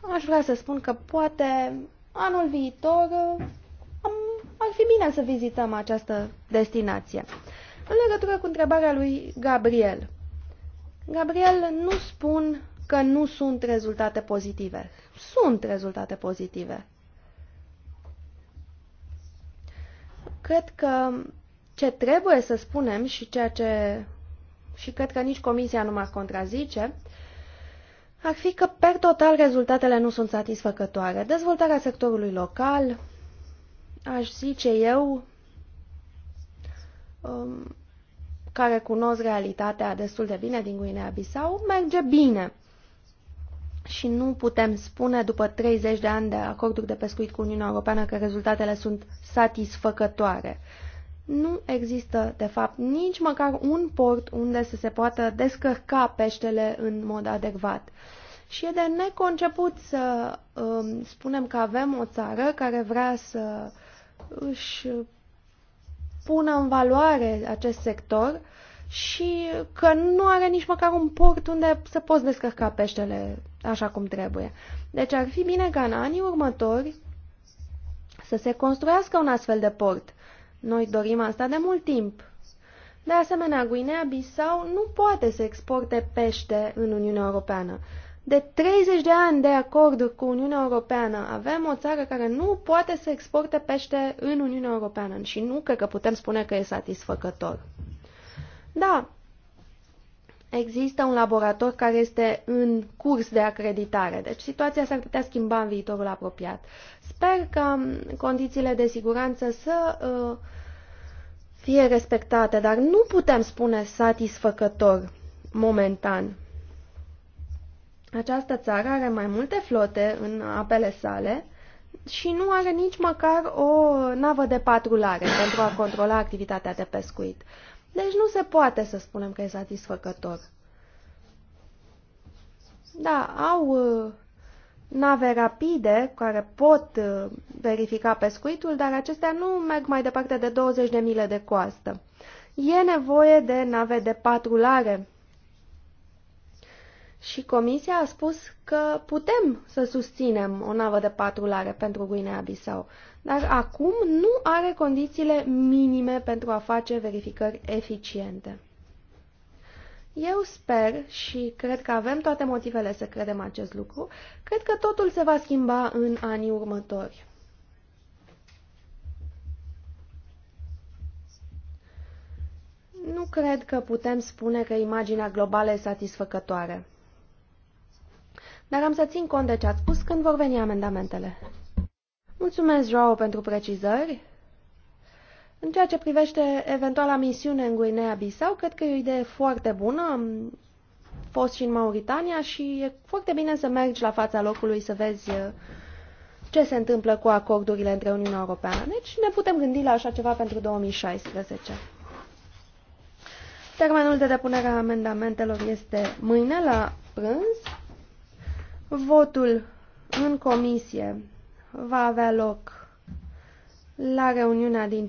aș vrea să spun că poate anul viitor uh, ar fi bine să vizităm această destinație. În legătură cu întrebarea lui Gabriel, Gabriel, nu spun că nu sunt rezultate pozitive. Sunt rezultate pozitive. Cred că ce trebuie să spunem și ceea ce și cred că nici comisia nu m-ar contrazice, ar fi că, per total, rezultatele nu sunt satisfăcătoare. Dezvoltarea sectorului local, aș zice eu, um, care cunosc realitatea destul de bine din Guinea-Bissau, merge bine. Și nu putem spune după 30 de ani de acorduri de pescuit cu Uniunea Europeană că rezultatele sunt satisfăcătoare. Nu există, de fapt, nici măcar un port unde să se poată descărca peștele în mod adecvat. Și e de neconceput să um, spunem că avem o țară care vrea să își pună în valoare acest sector și că nu are nici măcar un port unde să poți descărca peștele așa cum trebuie. Deci ar fi bine ca în anii următori să se construiască un astfel de port. Noi dorim asta de mult timp. De asemenea, Guinea-Bissau nu poate să exporte pește în Uniunea Europeană de 30 de ani de acorduri cu Uniunea Europeană. Avem o țară care nu poate să exporte pește în Uniunea Europeană și nu cred că putem spune că e satisfăcător. Da, există un laborator care este în curs de acreditare, deci situația s-ar putea schimba în viitorul apropiat. Sper că condițiile de siguranță să uh, fie respectate, dar nu putem spune satisfăcător momentan. Această țară are mai multe flote în apele sale și nu are nici măcar o navă de patrulare pentru a controla activitatea de pescuit. Deci nu se poate să spunem că e satisfăcător. Da, au uh, nave rapide care pot uh, verifica pescuitul, dar acestea nu merg mai departe de 20 de mile de coastă. E nevoie de nave de patrulare și Comisia a spus că putem să susținem o navă de patrulare pentru Guinea-Bissau, dar acum nu are condițiile minime pentru a face verificări eficiente. Eu sper și cred că avem toate motivele să credem acest lucru, cred că totul se va schimba în anii următori. Nu cred că putem spune că imaginea globală e satisfăcătoare dar am să țin cont de ce ați spus când vor veni amendamentele. Mulțumesc, Joao, pentru precizări. În ceea ce privește eventuala misiune în Guinea-Bissau, cred că e o idee foarte bună. Am fost și în Mauritania și e foarte bine să mergi la fața locului să vezi uh, ce se întâmplă cu acordurile între Uniunea Europeană. Deci ne putem gândi la așa ceva pentru 2016. Termenul de depunere a amendamentelor este mâine la prânz. Votul în comisie va avea loc la reuniunea din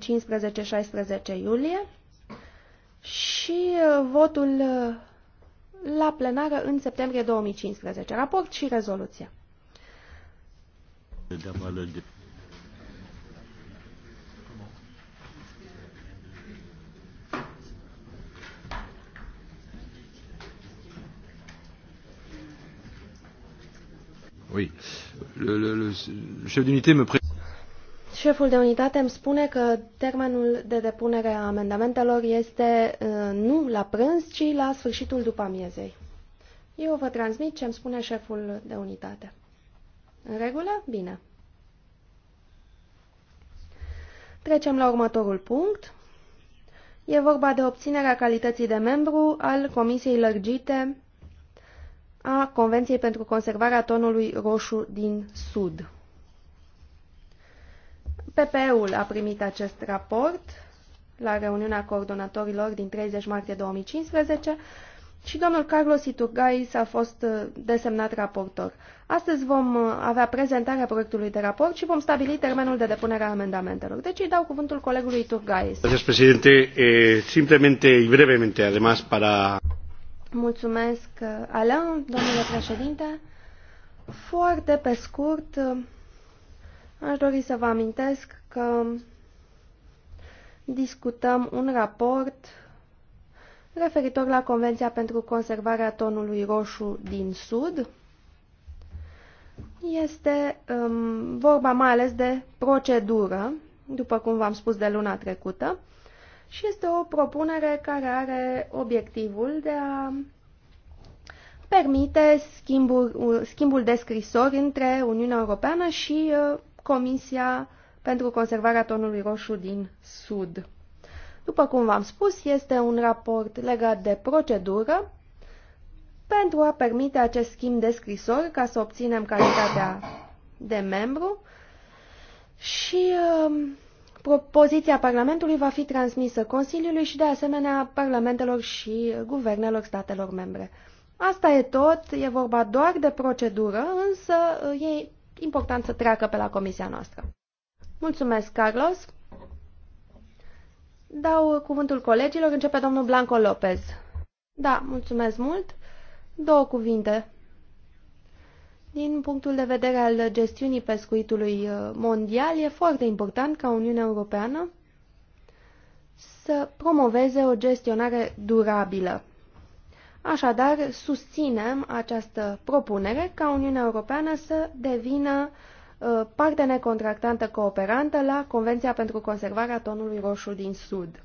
15-16 iulie și uh, votul uh, la plenară în septembrie 2015. Raport și rezoluție. Oui. Le, le, le, le chef d'unité me pré... Șeful de unitate îmi spune că termenul de depunere a amendamentelor este uh, nu la prânz, ci la sfârșitul după amiezei. Eu vă transmit ce îmi spune șeful de unitate. În regulă? Bine. Trecem la următorul punct. E vorba de obținerea calității de membru al Comisiei Lărgite a Convenției pentru conservarea tonului roșu din Sud. PPE-ul a primit acest raport la reuniunea coordonatorilor din 30 martie 2015 și domnul Carlos Iturgais a fost uh, desemnat raportor. Astăzi vom uh, avea prezentarea proiectului de raport și vom stabili termenul de depunere a amendamentelor. Deci îi dau cuvântul colegului Iturgais. Gracias, presidente. Eh, simplemente y brevemente, además, para... Mulțumesc, uh, Alain, domnule președinte. Foarte pe scurt, uh, aș dori să vă amintesc că discutăm un raport referitor la Convenția pentru conservarea tonului roșu din Sud. Este um, vorba mai ales de procedură, după cum v-am spus de luna trecută, și este o propunere care are obiectivul de a permite schimbul, schimbul de scrisori între Uniunea Europeană și uh, Comisia pentru conservarea tonului roșu din Sud. După cum v-am spus, este un raport legat de procedură pentru a permite acest schimb de scrisori ca să obținem calitatea de membru și uh, Poziția Parlamentului va fi transmisă Consiliului și de asemenea Parlamentelor și Guvernelor statelor membre. Asta e tot, e vorba doar de procedură, însă uh, e important să treacă pe la comisia noastră. Mulțumesc, Carlos. Dau cuvântul colegilor, începe domnul Blanco Lopez. Da, mulțumesc mult. Două cuvinte. Din punctul de vedere al gestiunii pescuitului uh, mondial, e foarte important ca Uniunea Europeană să promoveze o gestionare durabilă. Așadar, susținem această propunere ca Uniunea Europeană să devină uh, parte necontractantă cooperantă la Convenția pentru conservarea tonului roșu din Sud.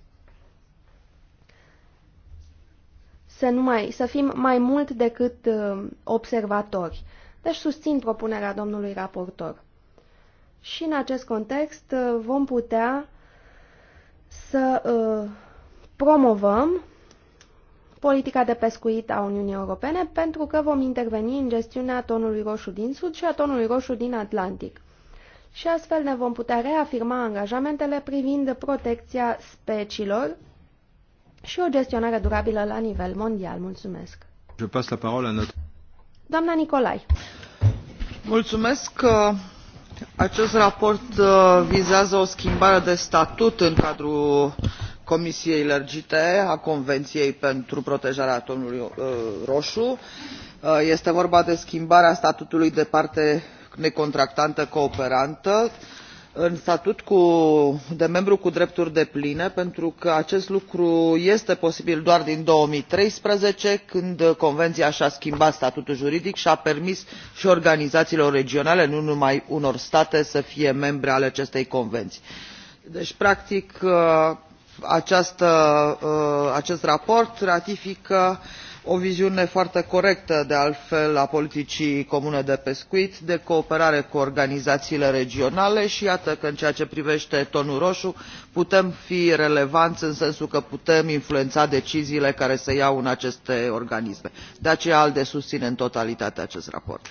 Să, nu mai, să fim mai mult decât uh, observatori. Deci susțin propunerea domnului raportor. Și în acest context uh, vom putea să uh, promovăm politica de pescuit a Uniunii Europene pentru că vom interveni în gestiunea tonului roșu din Sud și a tonului roșu din Atlantic. Și astfel ne vom putea reafirma angajamentele privind protecția speciilor și o gestionare durabilă la nivel mondial. Mulțumesc! Je passe la parole à notre... Doamna Nicolai. Mulțumesc. acest raport uh, vizează o schimbare de statut în cadrul comisiei lărgite a convenției pentru protejarea atomului uh, roșu. Uh, este vorba de schimbarea statutului de parte necontractantă cooperantă care în statut de membru cu drepturi depline pentru că acest lucru este posibil doar din două mii treisprezece când convenția și a schimbat statutul juridic și a permis și organizațiilor regionale nu numai unor state să fie membre ale acestei convenții. deci practic uh, uh, acest raport ratifică o viziune foarte corectă de altfel a politicii comune de pescuit de cooperare cu organizațiile regionale și iată că în ceea ce privește tonul roșu putem fi relevanți în sensul că putem influența deciziile care se iau în aceste organisme. de aceea alde susține în totalitate acest raport.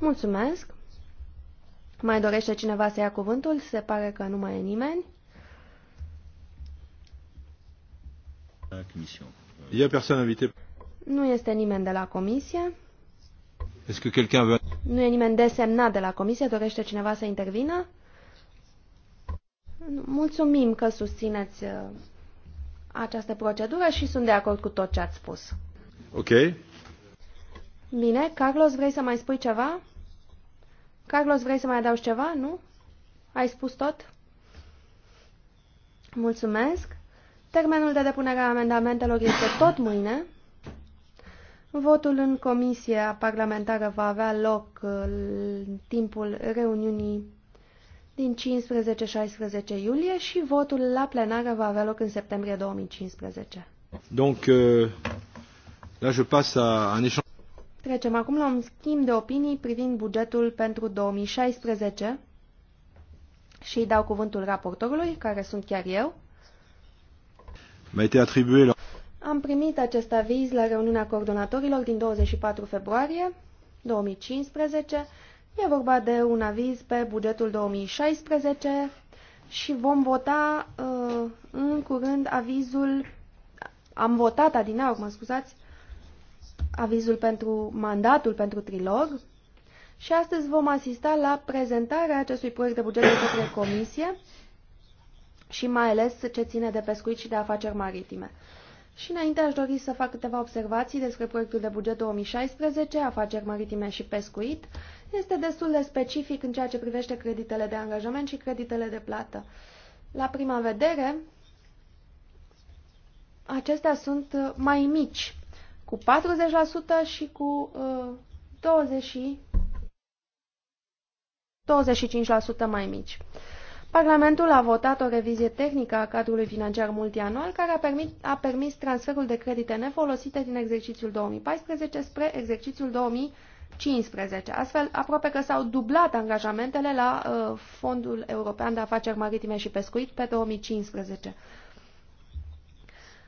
Mulțumesc. Mai dorește cineva să ia cuvântul? Se pare că nu mai e nimeni. Nu este nimeni de la comisie. Nu e nimeni desemnat de la comisie. Dorește cineva să intervină? Mulțumim că susțineți uh, această procedură și sunt de acord cu tot ce ați spus. Ok. Bine, Carlos, vrei să mai spui ceva? Carlos, vrei să mai adaugi ceva? Nu? Ai spus tot? Mulțumesc. Termenul de depunere a amendamentelor este tot mâine. Votul în comisia parlamentară va avea loc uh, în timpul reuniunii din 15-16 iulie și votul la plenară va avea loc în septembrie 2015. Donc, euh, là je passe à un échange. Trecem acum la un schimb de opinii privind bugetul pentru 2016 și îi dau cuvântul raportorului, care sunt chiar eu. Am primit acest aviz la reuniunea coordonatorilor din 24 februarie 2015. E vorba de un aviz pe bugetul 2016 și vom vota uh, în curând avizul, am votat adineaur, mă scuzați, avizul pentru mandatul pentru trilog și astăzi vom asista la prezentarea acestui proiect de buget de către Comisie și mai ales ce ține de pescuit și de afaceri maritime. Și înainte aș dori să fac câteva observații despre proiectul de buget 2016, afaceri maritime și pescuit. Este destul de specific în ceea ce privește creditele de angajament și creditele de plată. La prima vedere, acestea sunt mai mici cu 40% și cu uh, 20, 25% mai mici. Parlamentul a votat o revizie tehnică a cadrului financiar multianual care a permis, a permis transferul de credite nefolosite din exercițiul 2014 spre exercițiul 2015. Astfel, aproape că s-au dublat angajamentele la uh, Fondul European de Afaceri Maritime și Pescuit pe 2015.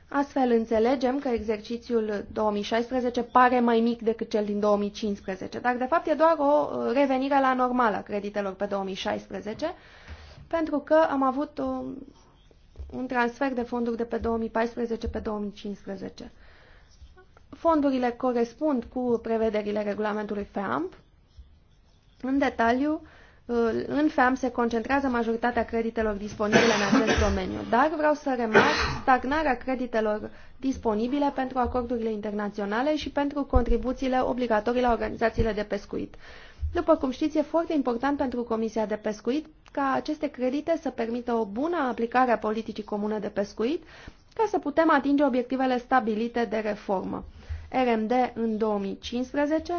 Astfel înțelegem că exercițiul 2016 pare mai mic decât cel din 2015, dar de fapt e doar o uh, revenire la normală a creditelor pe 2016, pentru că am avut um, un transfer de fonduri de pe 2014 pe 2015. Fondurile corespund cu prevederile regulamentului FEAMP. În detaliu, în FEAM se concentrează majoritatea creditelor disponibile în acest domeniu, dar vreau să remarc stagnarea creditelor disponibile pentru acordurile internaționale și pentru contribuțiile obligatorii la organizațiile de pescuit. După cum știți, e foarte important pentru Comisia de Pescuit ca aceste credite să permită o bună aplicare a politicii comune de pescuit ca să putem atinge obiectivele stabilite de reformă. RMD în 2015,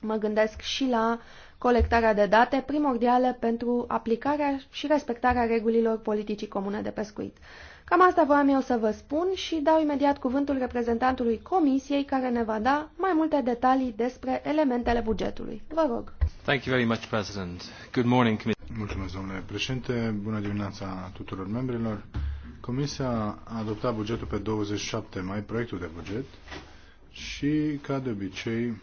mă gândesc și la uh, colectarea de date primordiale pentru aplicarea și respectarea regulilor politicii comune de pescuit. Cam asta voiam eu să vă spun și dau imediat cuvântul reprezentantului Comisiei care ne va da mai multe detalii despre elementele bugetului. Vă rog. Thank you very much, President. Good morning, Mulțumesc, domnule președinte. Bună dimineața tuturor membrilor. Comisia a adoptat bugetul pe 27 mai, proiectul de buget, și, ca de obicei,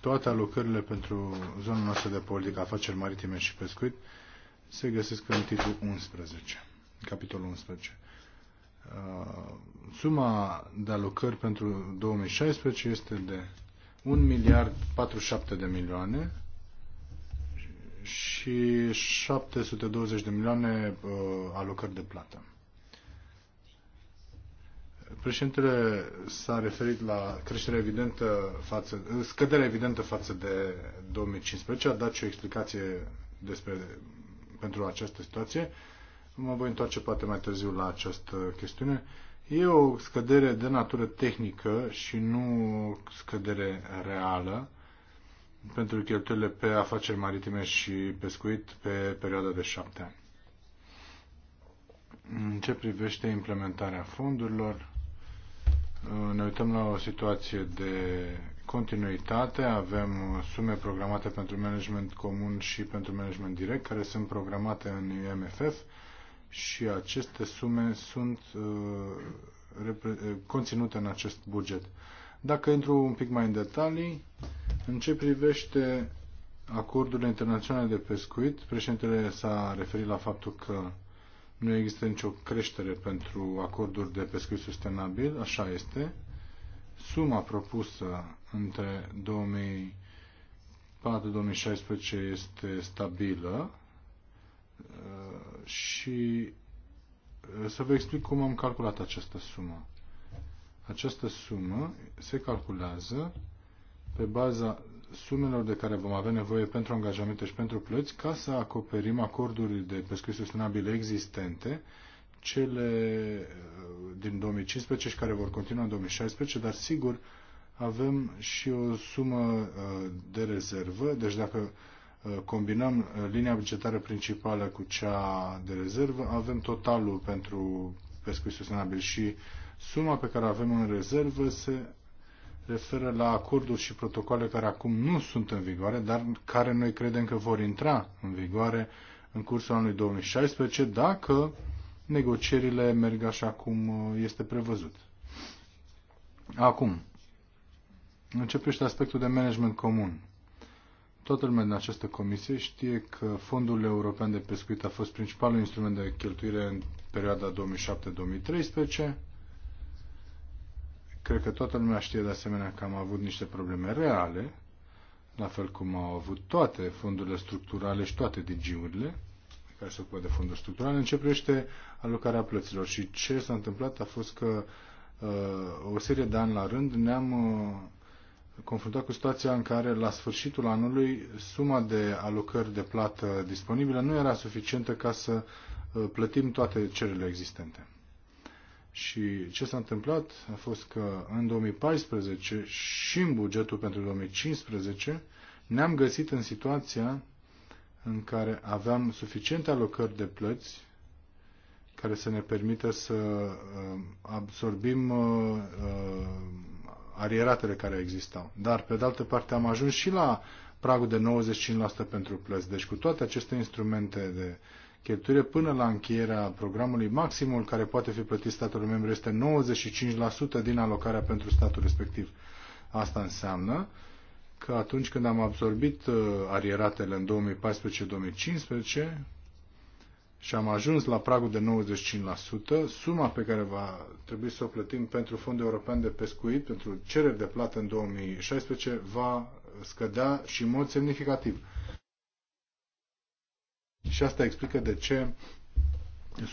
toate alocările pentru zona noastră de politică, afaceri maritime și pescuit se găsesc în titlul 11, capitolul 11. Uh, suma de alocări pentru 2016 este de 1 miliard 47 de milioane și 720 de milioane uh, alocări de plată. Președintele s-a referit la creșterea evidentă față, scăderea evidentă față de 2015, a dat și o explicație despre, pentru această situație. Mă voi întoarce poate mai târziu la această chestiune. E o scădere de natură tehnică și nu scădere reală pentru cheltuielile pe afaceri maritime și pescuit pe perioada de șapte ani. În ce privește implementarea fondurilor, ne uităm la o situație de continuitate. Avem sume programate pentru management comun și pentru management direct, care sunt programate în MFF și aceste sume sunt uh, uh, conținute în acest buget. Dacă intru un pic mai în detalii, în ce privește acordurile internaționale de pescuit, președintele s-a referit la faptul că nu există nicio creștere pentru acorduri de pescuit sustenabil, așa este. Suma propusă între 2004-2016 este stabilă uh, și uh, să vă explic cum am calculat această sumă. Această sumă se calculează pe baza sumelor de care vom avea nevoie pentru angajamente și pentru plăți ca să acoperim acordurile de pescuit sustenabil existente, cele uh, din 2015 și care vor continua în 2016, dar sigur avem și o sumă uh, de rezervă, deci dacă uh, combinăm linia bugetară principală cu cea de rezervă, avem totalul pentru pescuit sustenabil și suma pe care o avem în rezervă se referă la acorduri și protocoale care acum nu sunt în vigoare, dar care noi credem că vor intra în vigoare în cursul anului 2016 dacă negocierile merg așa cum uh, este prevăzut. Acum, începește aspectul de management comun. Toată lumea din această comisie știe că Fondul European de Pescuit a fost principalul instrument de cheltuire în perioada 2007-2013 Cred că toată lumea știe de asemenea că am avut niște probleme reale, la fel cum au avut toate fondurile structurale și toate digiurile care se ocupă de fonduri structurale, începește alocarea plăților. Și ce s-a întâmplat a fost că uh, o serie de ani la rând ne-am uh, confruntat cu situația în care la sfârșitul anului suma de alocări de plată disponibilă nu era suficientă ca să uh, plătim toate cererile existente. Și ce s-a întâmplat a fost că în 2014 și în bugetul pentru 2015 ne-am găsit în situația în care aveam suficiente alocări de plăți care să ne permită să um, absorbim uh, uh, arieratele care existau. Dar, pe de altă parte, am ajuns și la pragul de 95% pentru plăți. Deci, cu toate aceste instrumente de cheltuire până la încheierea programului. Maximul care poate fi plătit statul membru este 95% din alocarea pentru statul respectiv. Asta înseamnă că atunci când am absorbit uh, arieratele în 2014-2015 și am ajuns la pragul de 95%, suma pe care va trebui să o plătim pentru Fondul European de Pescuit, pentru cereri de plată în 2016, va scădea și în mod semnificativ. Și asta explică de ce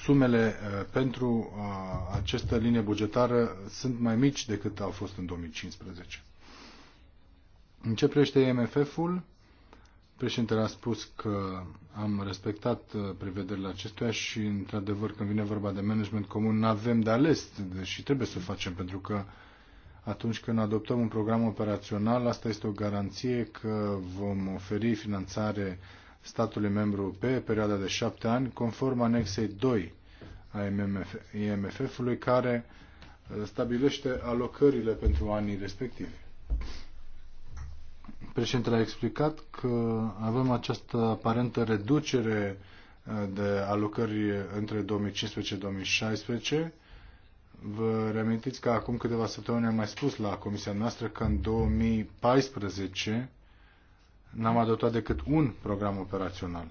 sumele uh, pentru uh, această linie bugetară sunt mai mici decât au fost în 2015. În ce privește MFF-ul, președintele a spus că am respectat uh, prevederile acestuia și, într-adevăr, când vine vorba de management comun, nu avem de ales și trebuie să facem, pentru că atunci când adoptăm un program operațional, asta este o garanție că vom oferi finanțare uh, statului membru pe perioada de șapte ani, conform anexei 2 a IMF-ului, care uh, stabilește alocările pentru anii respectivi. Președintele a explicat că avem această aparentă reducere uh, de alocări între 2015-2016. Vă reamintiți că acum câteva săptămâni am mai spus la comisia noastră că în 2014 n-am adoptat decât un program operațional.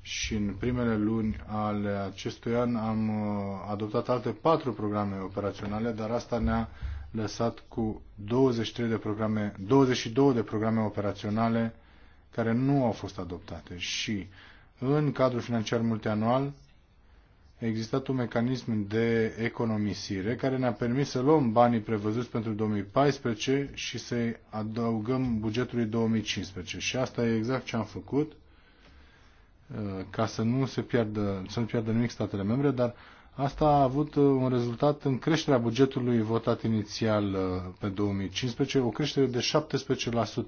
Și în primele luni ale acestui an am uh, adoptat alte patru programe operaționale, dar asta ne-a lăsat cu 23 de programe, 22 de programe operaționale care nu au fost adoptate. Și în cadrul financiar multianual a existat un mecanism de economisire care ne-a permis să luăm banii prevăzuți pentru 2014 și să-i adăugăm bugetului 2015. Și asta e exact ce am făcut uh, ca să nu se piardă, să nu piardă nimic statele membre, dar asta a avut uh, un rezultat în creșterea bugetului votat inițial uh, pe 2015, o creștere de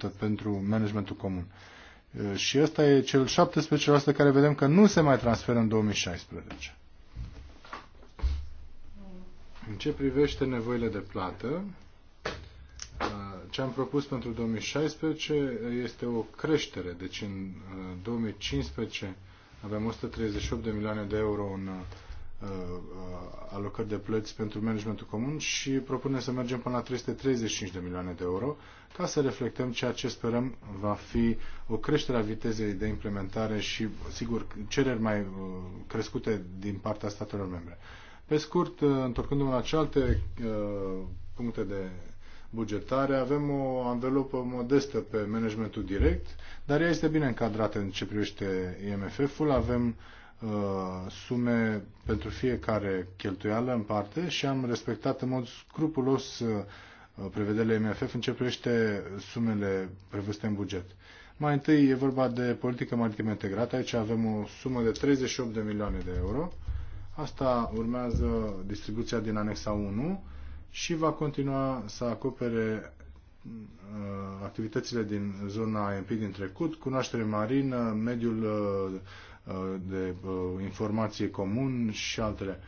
17% pentru managementul comun. Și ăsta e cel 17% care vedem că nu se mai transferă în 2016. În ce privește nevoile de plată, ce am propus pentru 2016 este o creștere. Deci în 2015 avem 138 de milioane de euro în alocări de plăți pentru managementul comun și propunem să mergem până la 335 de milioane de euro ca să reflectăm ceea ce sperăm va fi o creștere a vitezei de implementare și, sigur, cereri mai uh, crescute din partea statelor membre. Pe scurt, uh, întorcându-mă la cealaltă uh, puncte de bugetare, avem o anvelopă modestă pe managementul direct, dar ea este bine încadrată în ce privește IMFF-ul. Avem uh, sume pentru fiecare cheltuială în parte și am respectat în mod scrupulos uh, prevederile MFF în ce privește sumele prevăzute în buget. Mai întâi e vorba de politică maritimă integrată. Aici avem o sumă de 38 de milioane de euro Asta urmează distribuția din anexa 1 și va continua să acopere uh, activitățile din zona AMP din trecut, cunoaștere marină, mediul uh, uh, de informație comun și altele.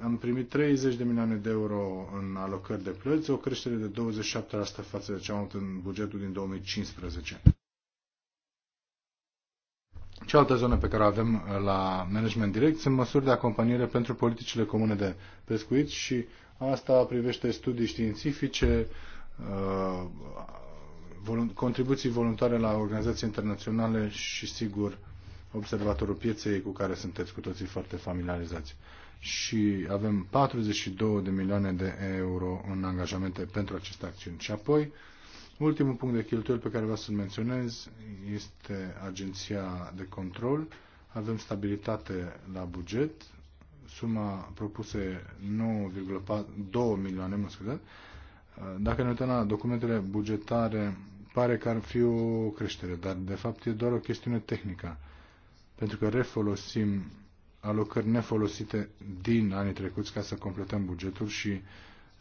Am primit 30 de milioane de euro în alocări de plăți, o creștere de 27% față de ce am avut în bugetul din 2015. Cealaltă zonă pe care o avem uh, la management direct sunt măsuri de acompaniere pentru politicile comune de pescuit și asta privește studii științifice, uh, contribuții voluntare la organizații internaționale și, sigur, observatorul pieței cu care sunteți cu toții foarte familiarizați. Și avem 42 de milioane de euro în angajamente pentru aceste acțiuni. Și apoi, Ultimul punct de cheltuieli pe care vreau să-l menționez este agenția de control. Avem stabilitate la buget. Suma propuse 9,2 milioane, mă scuze. Dacă ne uităm la documentele bugetare, pare că ar fi o creștere, dar de fapt e doar o chestiune tehnică. Pentru că refolosim alocări nefolosite din anii trecuți ca să completăm bugetul și uh,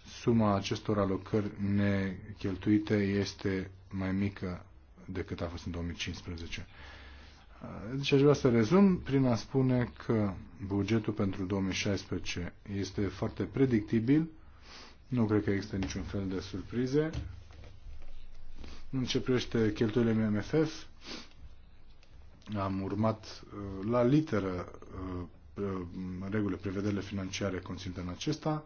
suma acestor alocări necheltuite este mai mică decât a fost în 2015. Deci aș vrea să rezum prin a spune că bugetul pentru 2016 este foarte predictibil, nu cred că există niciun fel de surprize. În ce privește cheltuielile MFF, am urmat uh, la literă uh, uh, regulile, prevederile financiare conținute în acesta.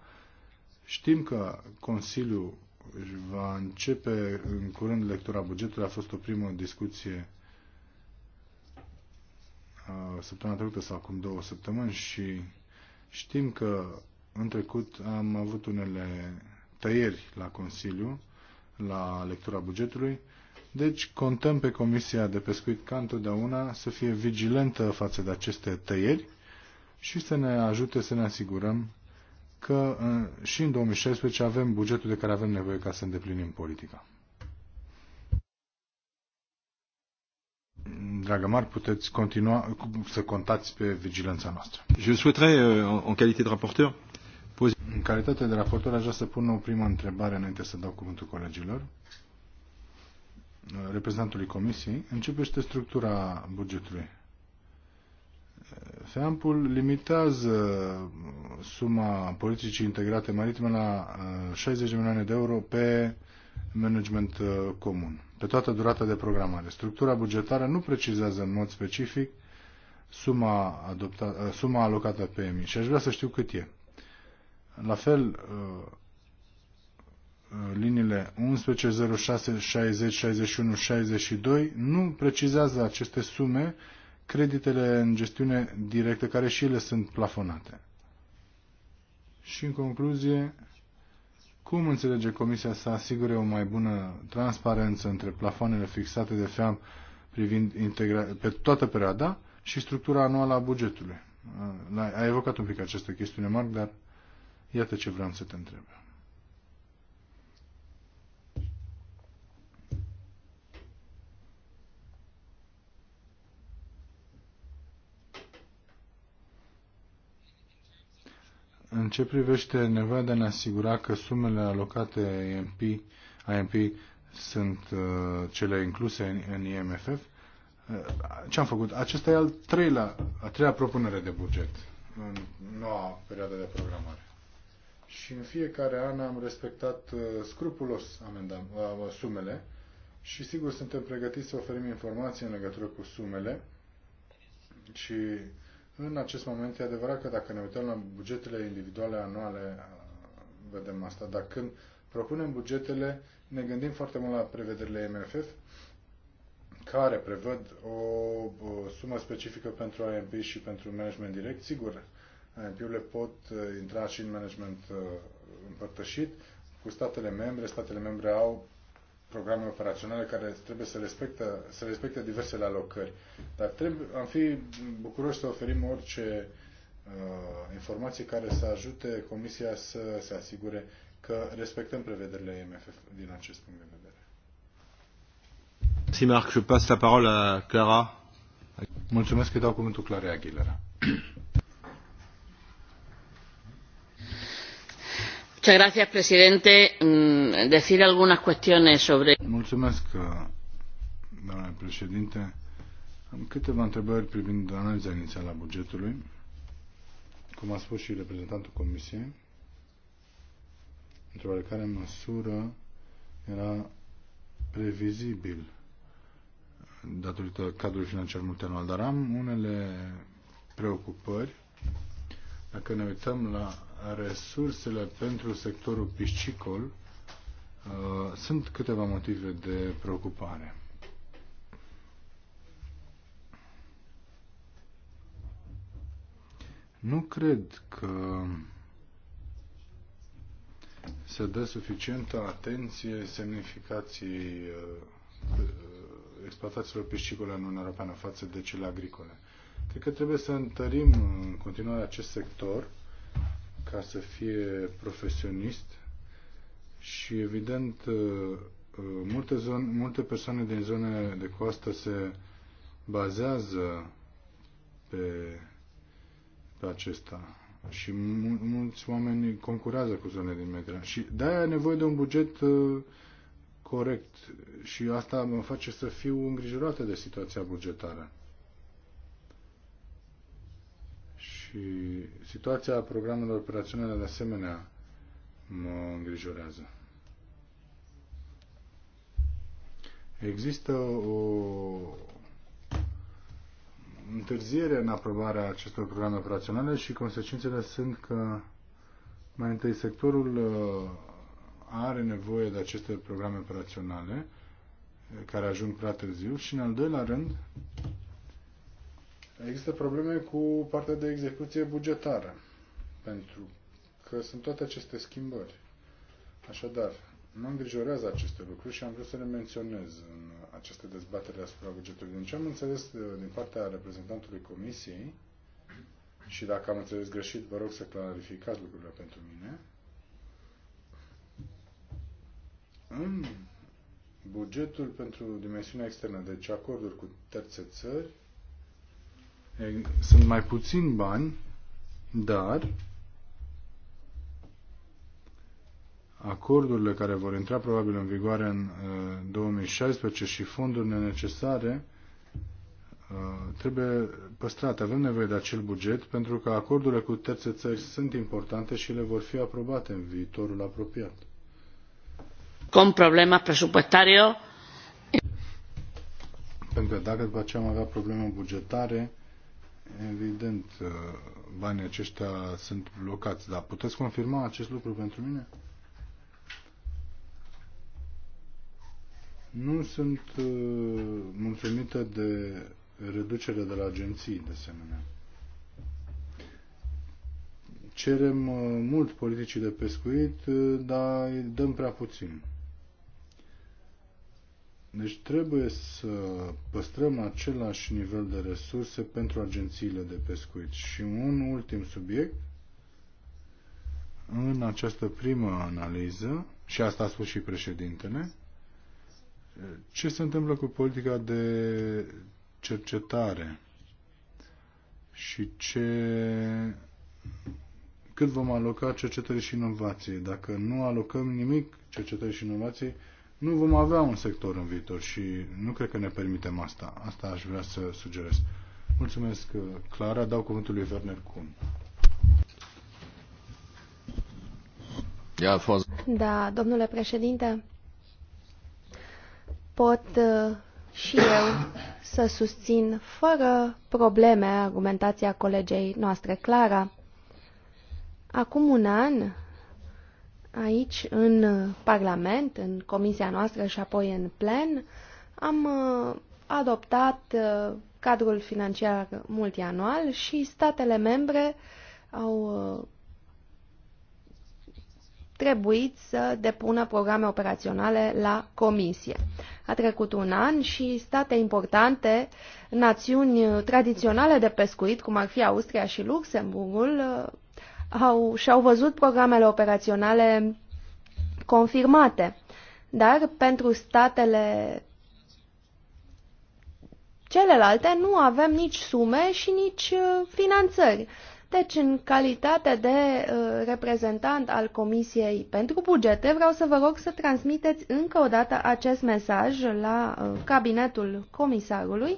Știm că Consiliul va începe în curând lectura bugetului. A fost o primă discuție săptămâna trecută sau acum două săptămâni și știm că în trecut am avut unele tăieri la Consiliu, la lectura bugetului. Deci contăm pe Comisia de Pescuit ca întotdeauna să fie vigilentă față de aceste tăieri și să ne ajute să ne asigurăm că uh, și în 2016 avem bugetul de care avem nevoie ca să îndeplinim politica. Dragă Mar, puteți continua să contați pe vigilența noastră. Je souhaiterais, euh, en calitate de raporteur, pose... În calitate de raportor, aș vrea să pun o primă întrebare înainte să dau cuvântul colegilor. Reprezentantului Comisiei, începește structura bugetului. FEAMP-ul limitează suma politicii integrate maritime la 60 uh, de milioane de euro pe management uh, comun, pe toată durata de programare. Structura bugetară nu precizează în mod specific suma, adopta, uh, suma alocată pe EMI și aș vrea să știu cât e. La fel, liniile 11, 06, 60, 61, 62 nu precizează aceste sume creditele în gestiune directă, care și ele sunt plafonate. Și în concluzie, cum înțelege Comisia să asigure o mai bună transparență între plafoanele fixate de FEAM privind integra- pe toată perioada și structura anuală a bugetului? A evocat un pic această chestiune, Marc, dar iată ce vreau să te întreb. În ce privește nevoia de a ne asigura că sumele alocate IMP, AMP sunt uh, cele incluse în, în IMFF, uh, ce am făcut? Acesta e al treilea, a treia propunere de buget în noua perioadă de programare. Și în fiecare an am respectat uh, scrupulos amendam, sumele și sigur suntem pregătiți să oferim informații în legătură cu sumele și în acest moment e adevărat că dacă ne uităm la bugetele individuale anuale, vedem asta, dar când propunem bugetele, ne gândim foarte mult la prevederile MFF, care prevăd o sumă specifică pentru AMP și pentru management direct. Sigur, AMP-urile pot uh, intra și în management uh, împărtășit cu statele membre. Statele membre au programe operaționale care trebuie să, respectă, să respecte diversele alocări. Dar trebuie, am fi bucuroși să oferim orice uh, informații care să ajute Comisia să se asigure că respectăm prevederile MFF din acest punct de vedere. Merci Marc, je passe la parole à Clara. Mulțumesc că dau cuvântul Clara Aguilera. Señor presidente. Mm, decir algunas cuestiones sobre. Mulțumesc, uh, doamna președinte. Am câteva întrebări privind analiza inițială a bugetului, cum a spus și reprezentantul Comisiei, într-o oarecare măsură era previzibil datorită cadrului financiar multianual, dar am unele preocupări. Dacă ne uităm la resursele pentru sectorul piscicol uh, sunt câteva motive de preocupare. Nu cred că se dă suficientă atenție semnificației uh, exploatațiilor piscicole în Uniunea Europeană față de cele agricole. Cred că trebuie să întărim în continuare acest sector ca să fie profesionist și evident uh, uh, multe, zone, multe persoane din zone de coastă se bazează pe, pe acesta și mulți oameni concurează cu zonele din Mediterană și de-aia e nevoie de un buget uh, corect și asta mă face să fiu îngrijorată de situația bugetară. Și situația programelor operaționale de asemenea mă îngrijorează. Există o întârziere în aprobarea acestor programe operaționale și consecințele sunt că mai întâi sectorul uh, are nevoie de aceste programe operaționale care ajung prea târziu și în al doilea rând Există probleme cu partea de execuție bugetară, pentru că sunt toate aceste schimbări. Așadar, mă îngrijorează aceste lucruri și am vrut să le menționez în aceste dezbatere asupra bugetului. Din ce am înțeles uh, din partea reprezentantului Comisiei, și dacă am înțeles greșit, vă rog să clarificați lucrurile pentru mine, în bugetul pentru dimensiunea externă, deci acorduri cu terțe țări, sunt mai puțini bani, dar acordurile care vor intra probabil în vigoare în 2016 uh, și fondurile necesare uh, trebuie păstrate. Avem nevoie de acel buget pentru că acordurile cu terțe țări sunt importante și le vor fi aprobate în viitorul apropiat. Con problema presupuestario? Pentru că dacă după aceea am avea probleme bugetare, Evident, uh, banii aceștia sunt blocați, dar puteți confirma acest lucru pentru mine? Nu sunt uh, mulțumită de reducere de la agenții, de asemenea. Cerem uh, mult politicii de pescuit, dar dăm prea puțin. Deci trebuie să păstrăm același nivel de resurse pentru agențiile de pescuit. Și un ultim subiect, în această primă analiză, și asta a spus și președintele, ce se întâmplă cu politica de cercetare și ce, cât vom aloca cercetării și inovației. Dacă nu alocăm nimic cercetării și inovației, nu vom avea un sector în viitor și nu cred că ne permitem asta. Asta aș vrea să sugerez. Mulțumesc, uh, Clara. Dau cuvântul lui Werner Kuhn. Da, domnule președinte, pot uh, și eu să susțin fără probleme argumentația colegei noastre Clara. Acum un an, aici, în uh, Parlament, în comisia noastră și apoi în plen, am uh, adoptat uh, cadrul financiar multianual și statele membre au trebuit să depună programe operaționale la comisie. A trecut un an și state importante, națiuni tradiționale de pescuit, cum ar fi Austria și Luxemburgul, au, și-au văzut programele operaționale confirmate. Dar pentru statele celelalte nu avem nici sume și nici uh, finanțări. Deci, în calitate de uh, reprezentant al Comisiei pentru Bugete, vreau să vă rog să transmiteți încă o dată acest mesaj la uh, cabinetul comisarului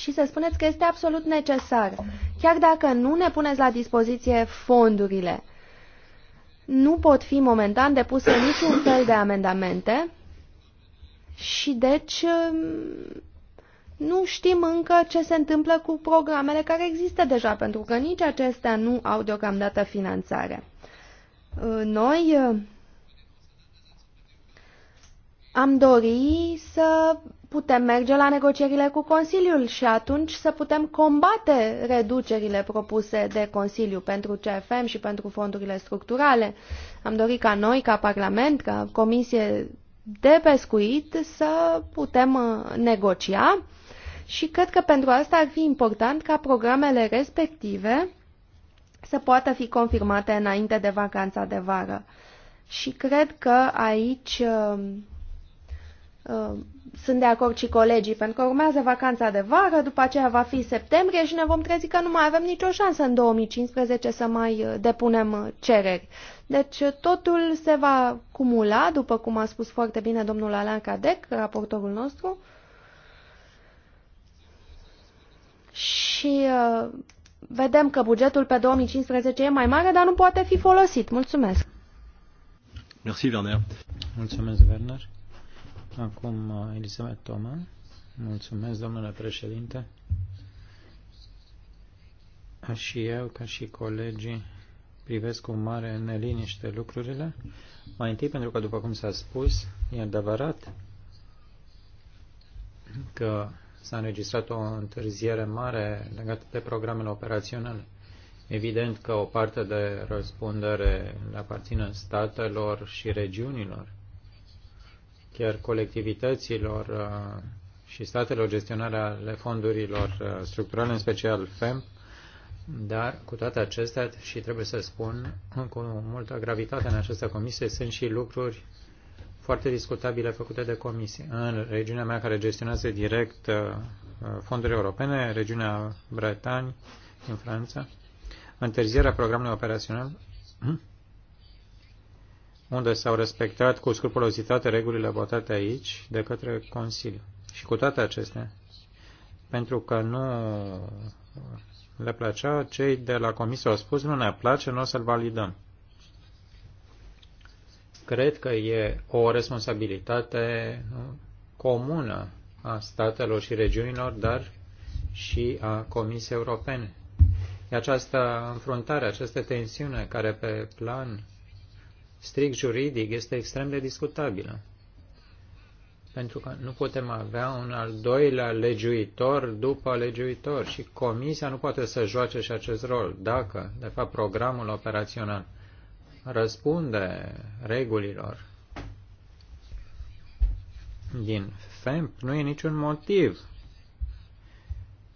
și să spuneți că este absolut necesar, chiar dacă nu ne puneți la dispoziție fondurile. Nu pot fi momentan depuse niciun fel de amendamente și deci um, nu știm încă ce se întâmplă cu programele care există deja, pentru că nici acestea nu au deocamdată finanțare. Uh, noi uh, am dori să putem merge la negocierile cu Consiliul și atunci să putem combate reducerile propuse de Consiliu pentru CFM și pentru fondurile structurale. Am dorit ca noi, ca Parlament, ca Comisie de Pescuit să putem uh, negocia și cred că pentru asta ar fi important ca programele respective să poată fi confirmate înainte de vacanța de vară. Și cred că aici uh, uh, sunt de acord și colegii, pentru că urmează vacanța de vară, după aceea va fi septembrie și ne vom trezi că nu mai avem nicio șansă în 2015 să mai uh, depunem uh, cereri. Deci uh, totul se va cumula, după cum a spus foarte bine domnul Alan Cadec, raportorul nostru. Și uh, vedem că bugetul pe 2015 e mai mare, dar nu poate fi folosit. Mulțumesc! Merci, Werner. Mulțumesc, Werner. Acum uh, Elisabeth Toma. Mulțumesc, domnule președinte. Și eu, ca și colegii, privesc cu mare neliniște lucrurile. Mai întâi pentru că, după cum s-a spus, e adevărat că s-a înregistrat o întârziere mare legată de programele operaționale. Evident că o parte de răspundere le aparține statelor și regiunilor iar colectivităților uh, și statelor gestionare ale fondurilor uh, structurale, în special FEM, dar cu toate acestea, și trebuie să spun cu multă gravitate în această comisie, sunt și lucruri foarte discutabile făcute de comisie. În regiunea mea care gestionează direct uh, fonduri europene, regiunea Bretani, din Franța, întârzierea programului operațional unde s-au respectat cu scrupulozitate regulile votate aici de către Consiliu. Și cu toate acestea, pentru că nu le plăcea, cei de la Comisie au spus, nu ne place, nu o să-l validăm. Cred că e o responsabilitate comună a statelor și regiunilor, dar și a Comisiei Europene. E această înfruntare, această tensiune care pe plan strict juridic este extrem de discutabilă. Pentru că nu putem avea un al doilea legiuitor după legiuitor și comisia nu poate să joace și acest rol dacă, de fapt, programul operațional răspunde regulilor din FEMP, nu e niciun motiv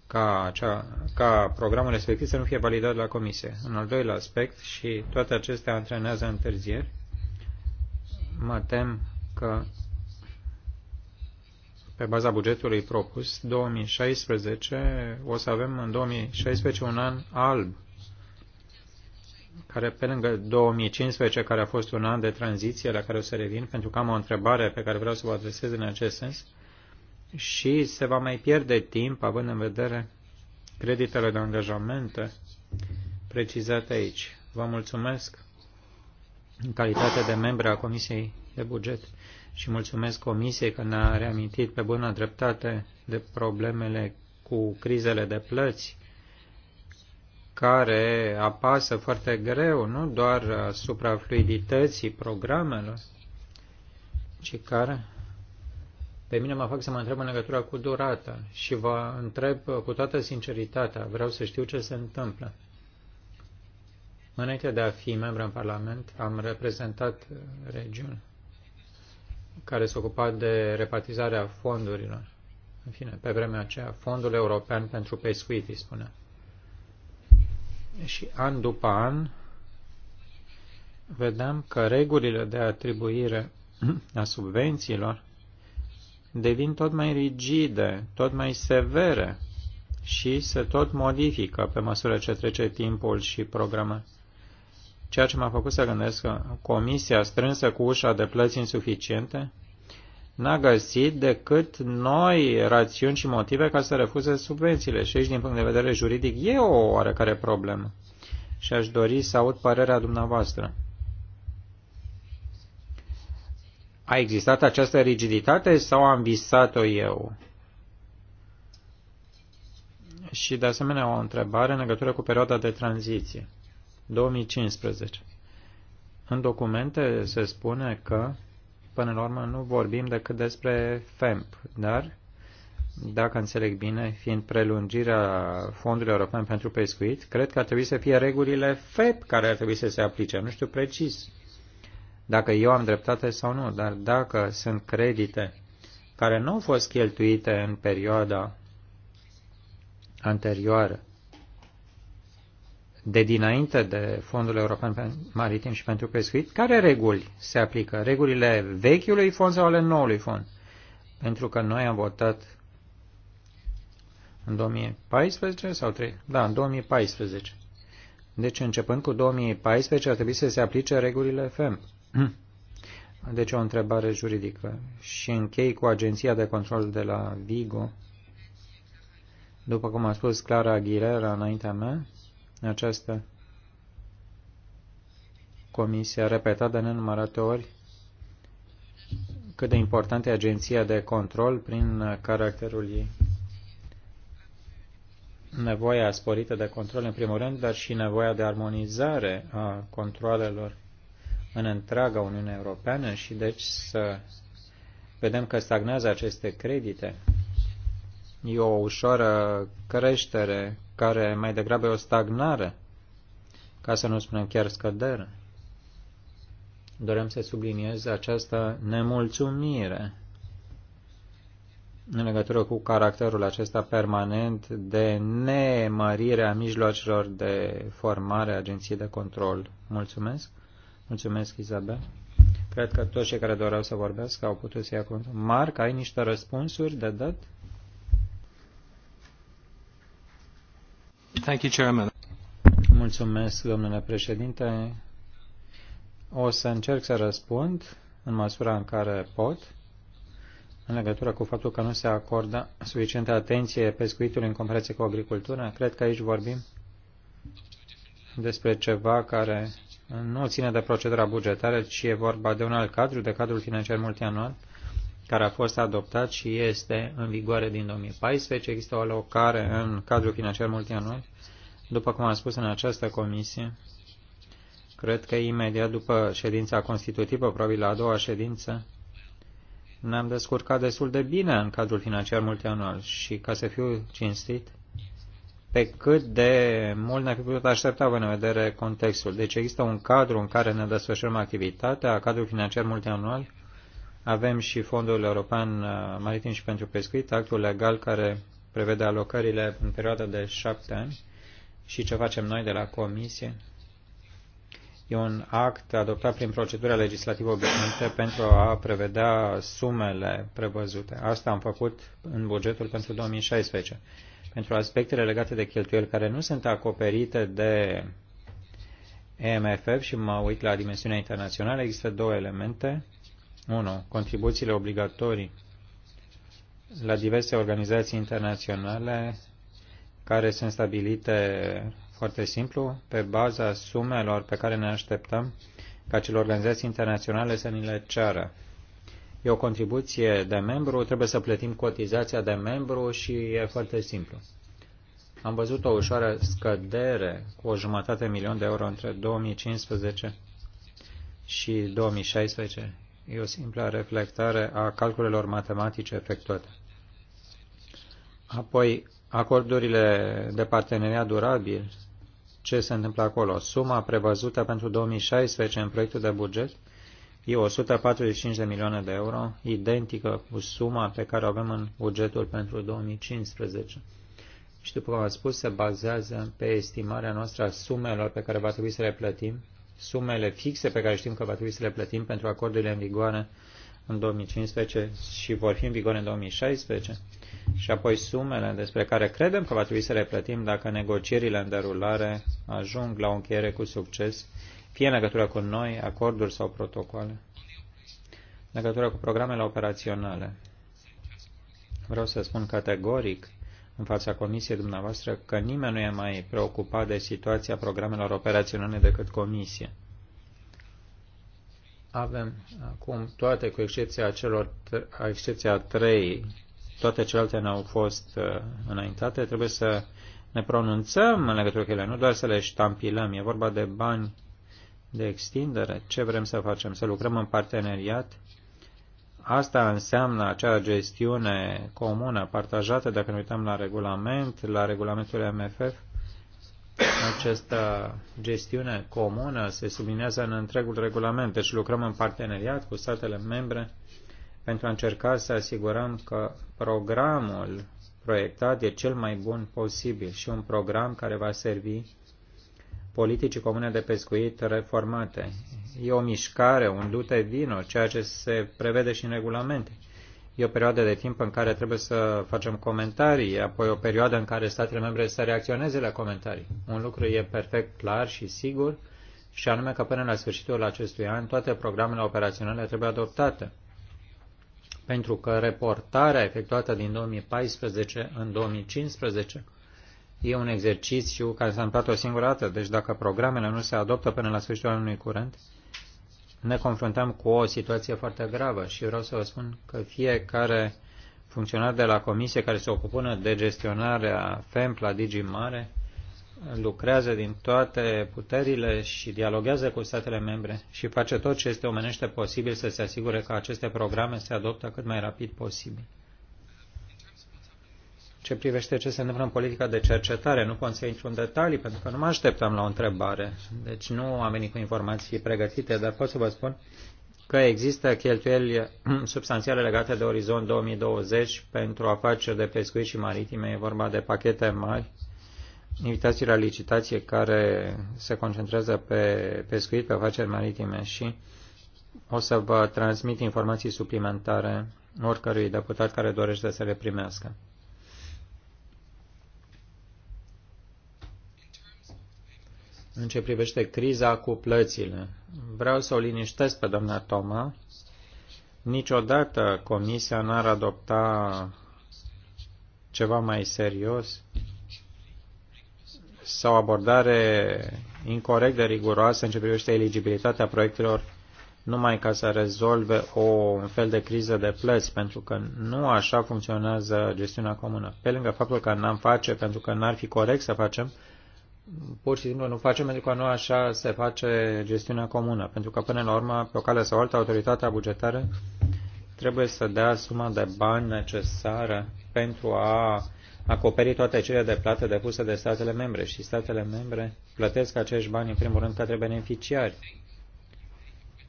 ca, acea, ca programul respectiv să nu fie validat la comisie. În al doilea aspect, și toate acestea antrenează întârzieri, mă tem că pe baza bugetului propus, 2016, o să avem în 2016 un an alb, care pe lângă 2015, care a fost un an de tranziție la care o să revin, pentru că am o întrebare pe care vreau să o adresez în acest sens, și se va mai pierde timp, având în vedere creditele de angajamente precizate aici. Vă mulțumesc în calitate de membru a Comisiei de Buget și mulțumesc Comisiei că ne-a reamintit pe bună dreptate de problemele cu crizele de plăți care apasă foarte greu nu doar asupra fluidității programelor, ci care pe mine mă fac să mă întreb în legătură cu durata și vă întreb cu toată sinceritatea, vreau să știu ce se întâmplă. Înainte de a fi membru în Parlament, am reprezentat regiunea care se ocupa de repartizarea fondurilor. În fine, pe vremea aceea, Fondul European pentru Pescuit, îi spunea. Și an după an, vedeam că regulile de atribuire a subvențiilor devin tot mai rigide, tot mai severe și se tot modifică pe măsură ce trece timpul și programă ceea ce m-a făcut să gândesc că comisia strânsă cu ușa de plăți insuficiente n-a găsit decât noi rațiuni și motive ca să refuze subvențiile. Și aici, din punct de vedere juridic, e o oarecare problemă. Și aș dori să aud părerea dumneavoastră. A existat această rigiditate sau am visat-o eu? Și, de asemenea, o întrebare în legătură cu perioada de tranziție. 2015. În documente se spune că, până la urmă, nu vorbim decât despre FEMP, dar, dacă înțeleg bine, fiind prelungirea Fondului European pentru Pescuit, cred că ar trebui să fie regulile FEP care ar trebui să se aplice, nu știu precis dacă eu am dreptate sau nu, dar dacă sunt credite care nu au fost cheltuite în perioada anterioară de dinainte de Fondul European Maritim și pentru Pescuit, care reguli se aplică? Regulile vechiului fond sau ale noului fond? Pentru că noi am votat în 2014 sau 3? Da, în 2014. Deci începând cu 2014 ar trebui să se aplice regulile FEM. Deci o întrebare juridică. Și închei cu agenția de control de la Vigo. După cum a spus Clara Aguilera înaintea mea, în această comisie a repetat de nenumărate ori cât de importantă e agenția de control prin caracterul ei. Nevoia sporită de control, în primul rând, dar și nevoia de armonizare a controlelor în întreaga Uniune Europeană și deci să vedem că stagnează aceste credite e o ușoară creștere care mai degrabă e o stagnare, ca să nu spunem chiar scădere. Dorem să subliniez această nemulțumire în legătură cu caracterul acesta permanent de nemărire a mijloacelor de formare a agenției de control. Mulțumesc. Mulțumesc, Izabel. Cred că toți cei care doreau să vorbească au putut să ia cuvântul. Marc, ai niște răspunsuri de dat? Thank you, Chairman. Mulțumesc, domnule președinte. O să încerc să răspund în măsura în care pot în legătură cu faptul că nu se acordă suficientă atenție pescuitului în comparație cu agricultura. Cred că aici vorbim despre ceva care nu ține de procedura bugetară, ci e vorba de un alt cadru, de cadrul financiar multianual, care a fost adoptat și este în vigoare din 2014. Există o alocare în cadrul financiar multianual. După cum am spus în această comisie, cred că imediat după ședința constitutivă, probabil la a doua ședință, ne-am descurcat destul de bine în cadrul financiar multianual și, ca să fiu cinstit, pe cât de mult ne-am fi putut aștepta în vedere contextul. Deci există un cadru în care ne desfășurăm activitatea, cadrul financiar multianual, avem și Fondul European uh, Maritim și pentru Pescuit, actul legal care prevede alocările în perioada de șapte ani și ce facem noi de la Comisie. E un act adoptat prin procedura legislativă obișnuită pentru a prevedea sumele prevăzute. Asta am făcut în bugetul pentru 2016. Pentru aspectele legate de cheltuieli care nu sunt acoperite de EMFF și mă uit la dimensiunea internațională, există două elemente 1. Contribuțiile obligatorii la diverse organizații internaționale care sunt stabilite foarte simplu pe baza sumelor pe care ne așteptăm ca cele organizații internaționale să ni le ceară. E o contribuție de membru, trebuie să plătim cotizația de membru și e foarte simplu. Am văzut o ușoară scădere cu o jumătate milion de euro între 2015 și 2016 E o simplă reflectare a calculelor matematice efectuate. Apoi, acordurile de parteneriat durabil, ce se întâmplă acolo? Suma prevăzută pentru 2016 în proiectul de buget e 145 de milioane de euro, identică cu suma pe care o avem în bugetul pentru 2015. Și după cum am spus, se bazează pe estimarea noastră a sumelor pe care va trebui să le plătim sumele fixe pe care știm că va trebui să le plătim pentru acordurile în vigoare în 2015 și vor fi în vigoare în 2016 și apoi sumele despre care credem că va trebui să le plătim dacă negocierile în derulare ajung la o încheiere cu succes, fie în legătură cu noi, acorduri sau protocoale, în legătură cu programele operaționale. Vreau să spun categoric în fața comisiei dumneavoastră că nimeni nu e mai preocupat de situația programelor operaționale decât comisia. Avem acum toate, cu excepția, celor, excepția trei, toate celelalte ne-au fost uh, înaintate, trebuie să ne pronunțăm în legătură cu ele, nu doar să le ștampilăm, e vorba de bani de extindere, ce vrem să facem, să lucrăm în parteneriat Asta înseamnă acea gestiune comună, partajată, dacă ne uităm la regulament, la regulamentul MFF, această gestiune comună se sublinează în întregul regulament, deci lucrăm în parteneriat cu statele membre pentru a încerca să asigurăm că programul proiectat e cel mai bun posibil și un program care va servi politicii comune de pescuit reformate e o mișcare, un dute vino, ceea ce se prevede și în regulamente. E o perioadă de timp în care trebuie să facem comentarii, apoi o perioadă în care statele membre să reacționeze la comentarii. Un lucru e perfect clar și sigur, și anume că până la sfârșitul acestui an toate programele operaționale trebuie adoptate, pentru că reportarea efectuată din 2014 în 2015 e un exercițiu care s-a întâmplat o singură dată, deci dacă programele nu se adoptă până la sfârșitul anului curent, ne confruntăm cu o situație foarte gravă și vreau să vă spun că fiecare funcționar de la comisie care se ocupă de gestionarea FEMP la Digimare lucrează din toate puterile și dialoguează cu statele membre și face tot ce este omenește posibil să se asigure că aceste programe se adoptă cât mai rapid posibil ce privește ce se întâmplă în politica de cercetare. Nu pot să intru în detalii pentru că nu mă așteptam la o întrebare. Deci nu am venit cu informații pregătite, dar pot să vă spun că există cheltuieli substanțiale legate de Orizont 2020 pentru afaceri de pescuit și maritime. E vorba de pachete mari, invitații la licitație care se concentrează pe pescuit, pe afaceri maritime și o să vă transmit informații suplimentare oricărui deputat care dorește să le primească. în ce privește criza cu plățile. Vreau să o liniștesc pe doamna Toma. Niciodată Comisia n-ar adopta ceva mai serios sau abordare incorrect de riguroasă în ce privește eligibilitatea proiectelor numai ca să rezolve o un fel de criză de plăți, pentru că nu așa funcționează gestiunea comună. Pe lângă faptul că n-am face, pentru că n-ar fi corect să facem, pur și simplu nu facem pentru că nu așa se face gestiunea comună, pentru că până la urmă, pe o cale sau alta, autoritatea bugetară trebuie să dea suma de bani necesară pentru a acoperi toate cele de plată depuse de statele membre și statele membre plătesc acești bani în primul rând către beneficiari.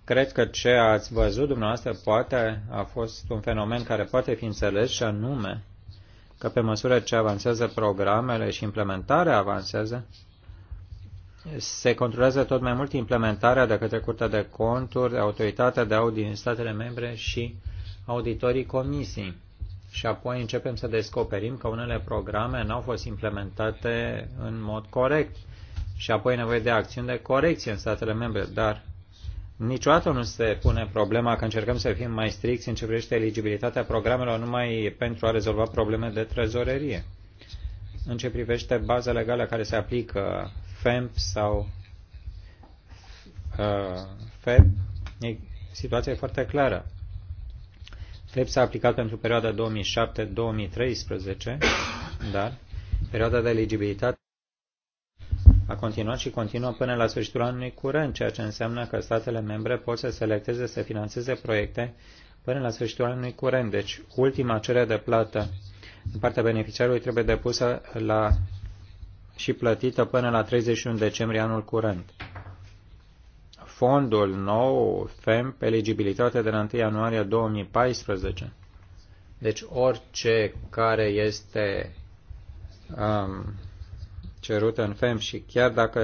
Cred că ce ați văzut dumneavoastră poate a fost un fenomen care poate fi înțeles și anume că pe măsură ce avansează programele și implementarea avansează, se controlează tot mai mult implementarea de către Curtea de Conturi, Autoritatea de Audit din statele membre și auditorii comisiei. Și apoi începem să descoperim că unele programe n-au fost implementate în mod corect și apoi e nevoie de acțiuni de corecție în statele membre, dar Niciodată nu se pune problema că încercăm să fim mai stricți în ce privește eligibilitatea programelor numai pentru a rezolva probleme de trezorerie. În ce privește baza legală care se aplică FEMP sau uh, FEP, e, situația e foarte clară. FEP s-a aplicat pentru perioada 2007-2013, dar perioada de eligibilitate a continuat și continuă până la sfârșitul anului curent, ceea ce înseamnă că statele membre pot să selecteze să financeze proiecte până la sfârșitul anului curent. Deci, ultima cerere de plată din partea beneficiarului trebuie depusă la și plătită până la 31 decembrie anul curent. Fondul nou pe eligibilitate de la 1 ianuarie 2014. Deci orice care este um, cerut în FEM și chiar dacă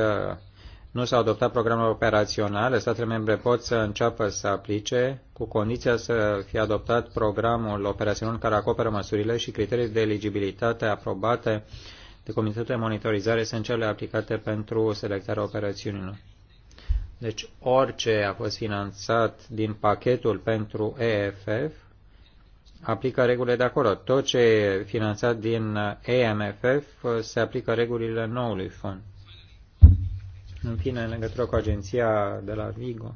nu s-au adoptat programele operaționale, statele membre pot să înceapă să aplice cu condiția să fie adoptat programul operațional care acoperă măsurile și criterii de eligibilitate aprobate de Comitetul de Monitorizare sunt cele aplicate pentru selectarea operațiunilor. Deci orice a fost finanțat din pachetul pentru EFF aplică regulile de acolo. Tot ce e finanțat din EMFF se aplică regulile noului fond. În fine, în legătură cu agenția de la Vigo,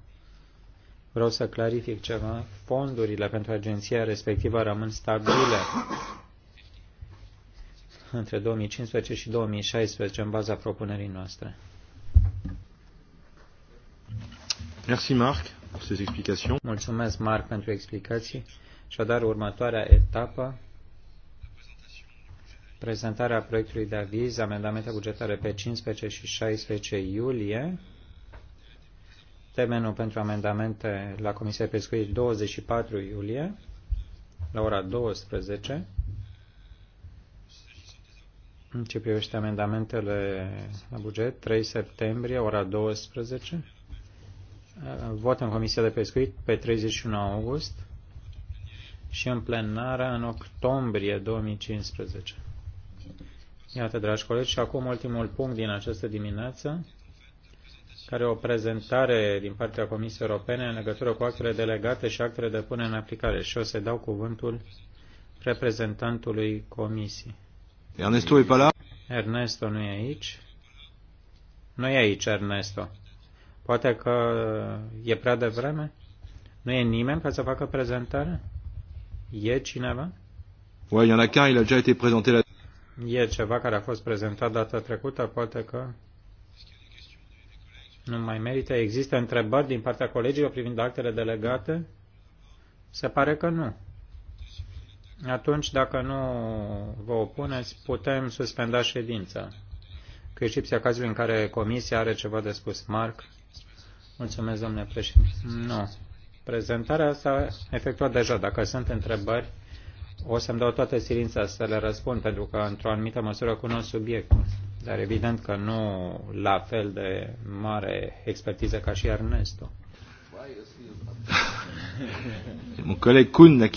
vreau să clarific ceva. Fondurile pentru agenția respectivă rămân stabile între 2015 și 2016 în baza propunerii noastre. Merci Marc pour ces explications. Mulțumesc Marc pentru explicații și dar următoarea etapă, prezentarea proiectului de aviz, amendamente bugetare pe 15 și 16 iulie, termenul pentru amendamente la Comisia Pescuit 24 iulie, la ora 12, în ce privește amendamentele la buget, 3 septembrie, ora 12. Vot în Comisia de Pescuit pe 31 august și în plenară în octombrie 2015. Iată, dragi colegi, și acum ultimul punct din această dimineață, care e o prezentare din partea Comisiei Europene în legătură cu actele delegate și actele de pune în aplicare. Și o să dau cuvântul reprezentantului Comisiei. Ernesto e pe la? Ernesto nu e aici. Nu e aici, Ernesto. Poate că e prea devreme? Nu e nimeni ca să facă prezentare? E cineva? Oui, il y en a qu'un, il a déjà été présenté la... E ceva care a fost prezentat data trecută, poate că nu mai merită. Există întrebări din partea colegilor privind actele delegate? Se pare că nu. Atunci, dacă nu vă opuneți, putem suspenda ședința. Cu excepția cazului în care comisia are ceva de spus. Marc? Mulțumesc, domnule președinte. Nu. Prezentarea s-a efectuat deja. Dacă sunt întrebări, o să-mi dau toată silința să le răspund, pentru că într-o anumită măsură cunosc subiectul. Dar evident că nu la fel de mare expertiză ca și Ernesto. Un coleg Cun, a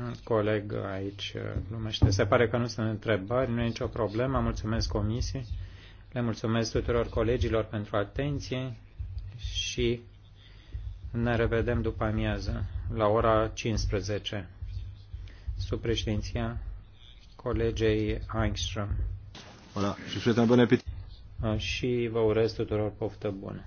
Un coleg aici numește. Se pare că nu sunt întrebări, nu e nicio problemă. Mulțumesc comisiei. Le mulțumesc tuturor colegilor pentru atenție și ne revedem după amiază, la ora 15, sub președinția colegei Angström. Voilà, je souhaite Și vă urez tuturor poftă bună.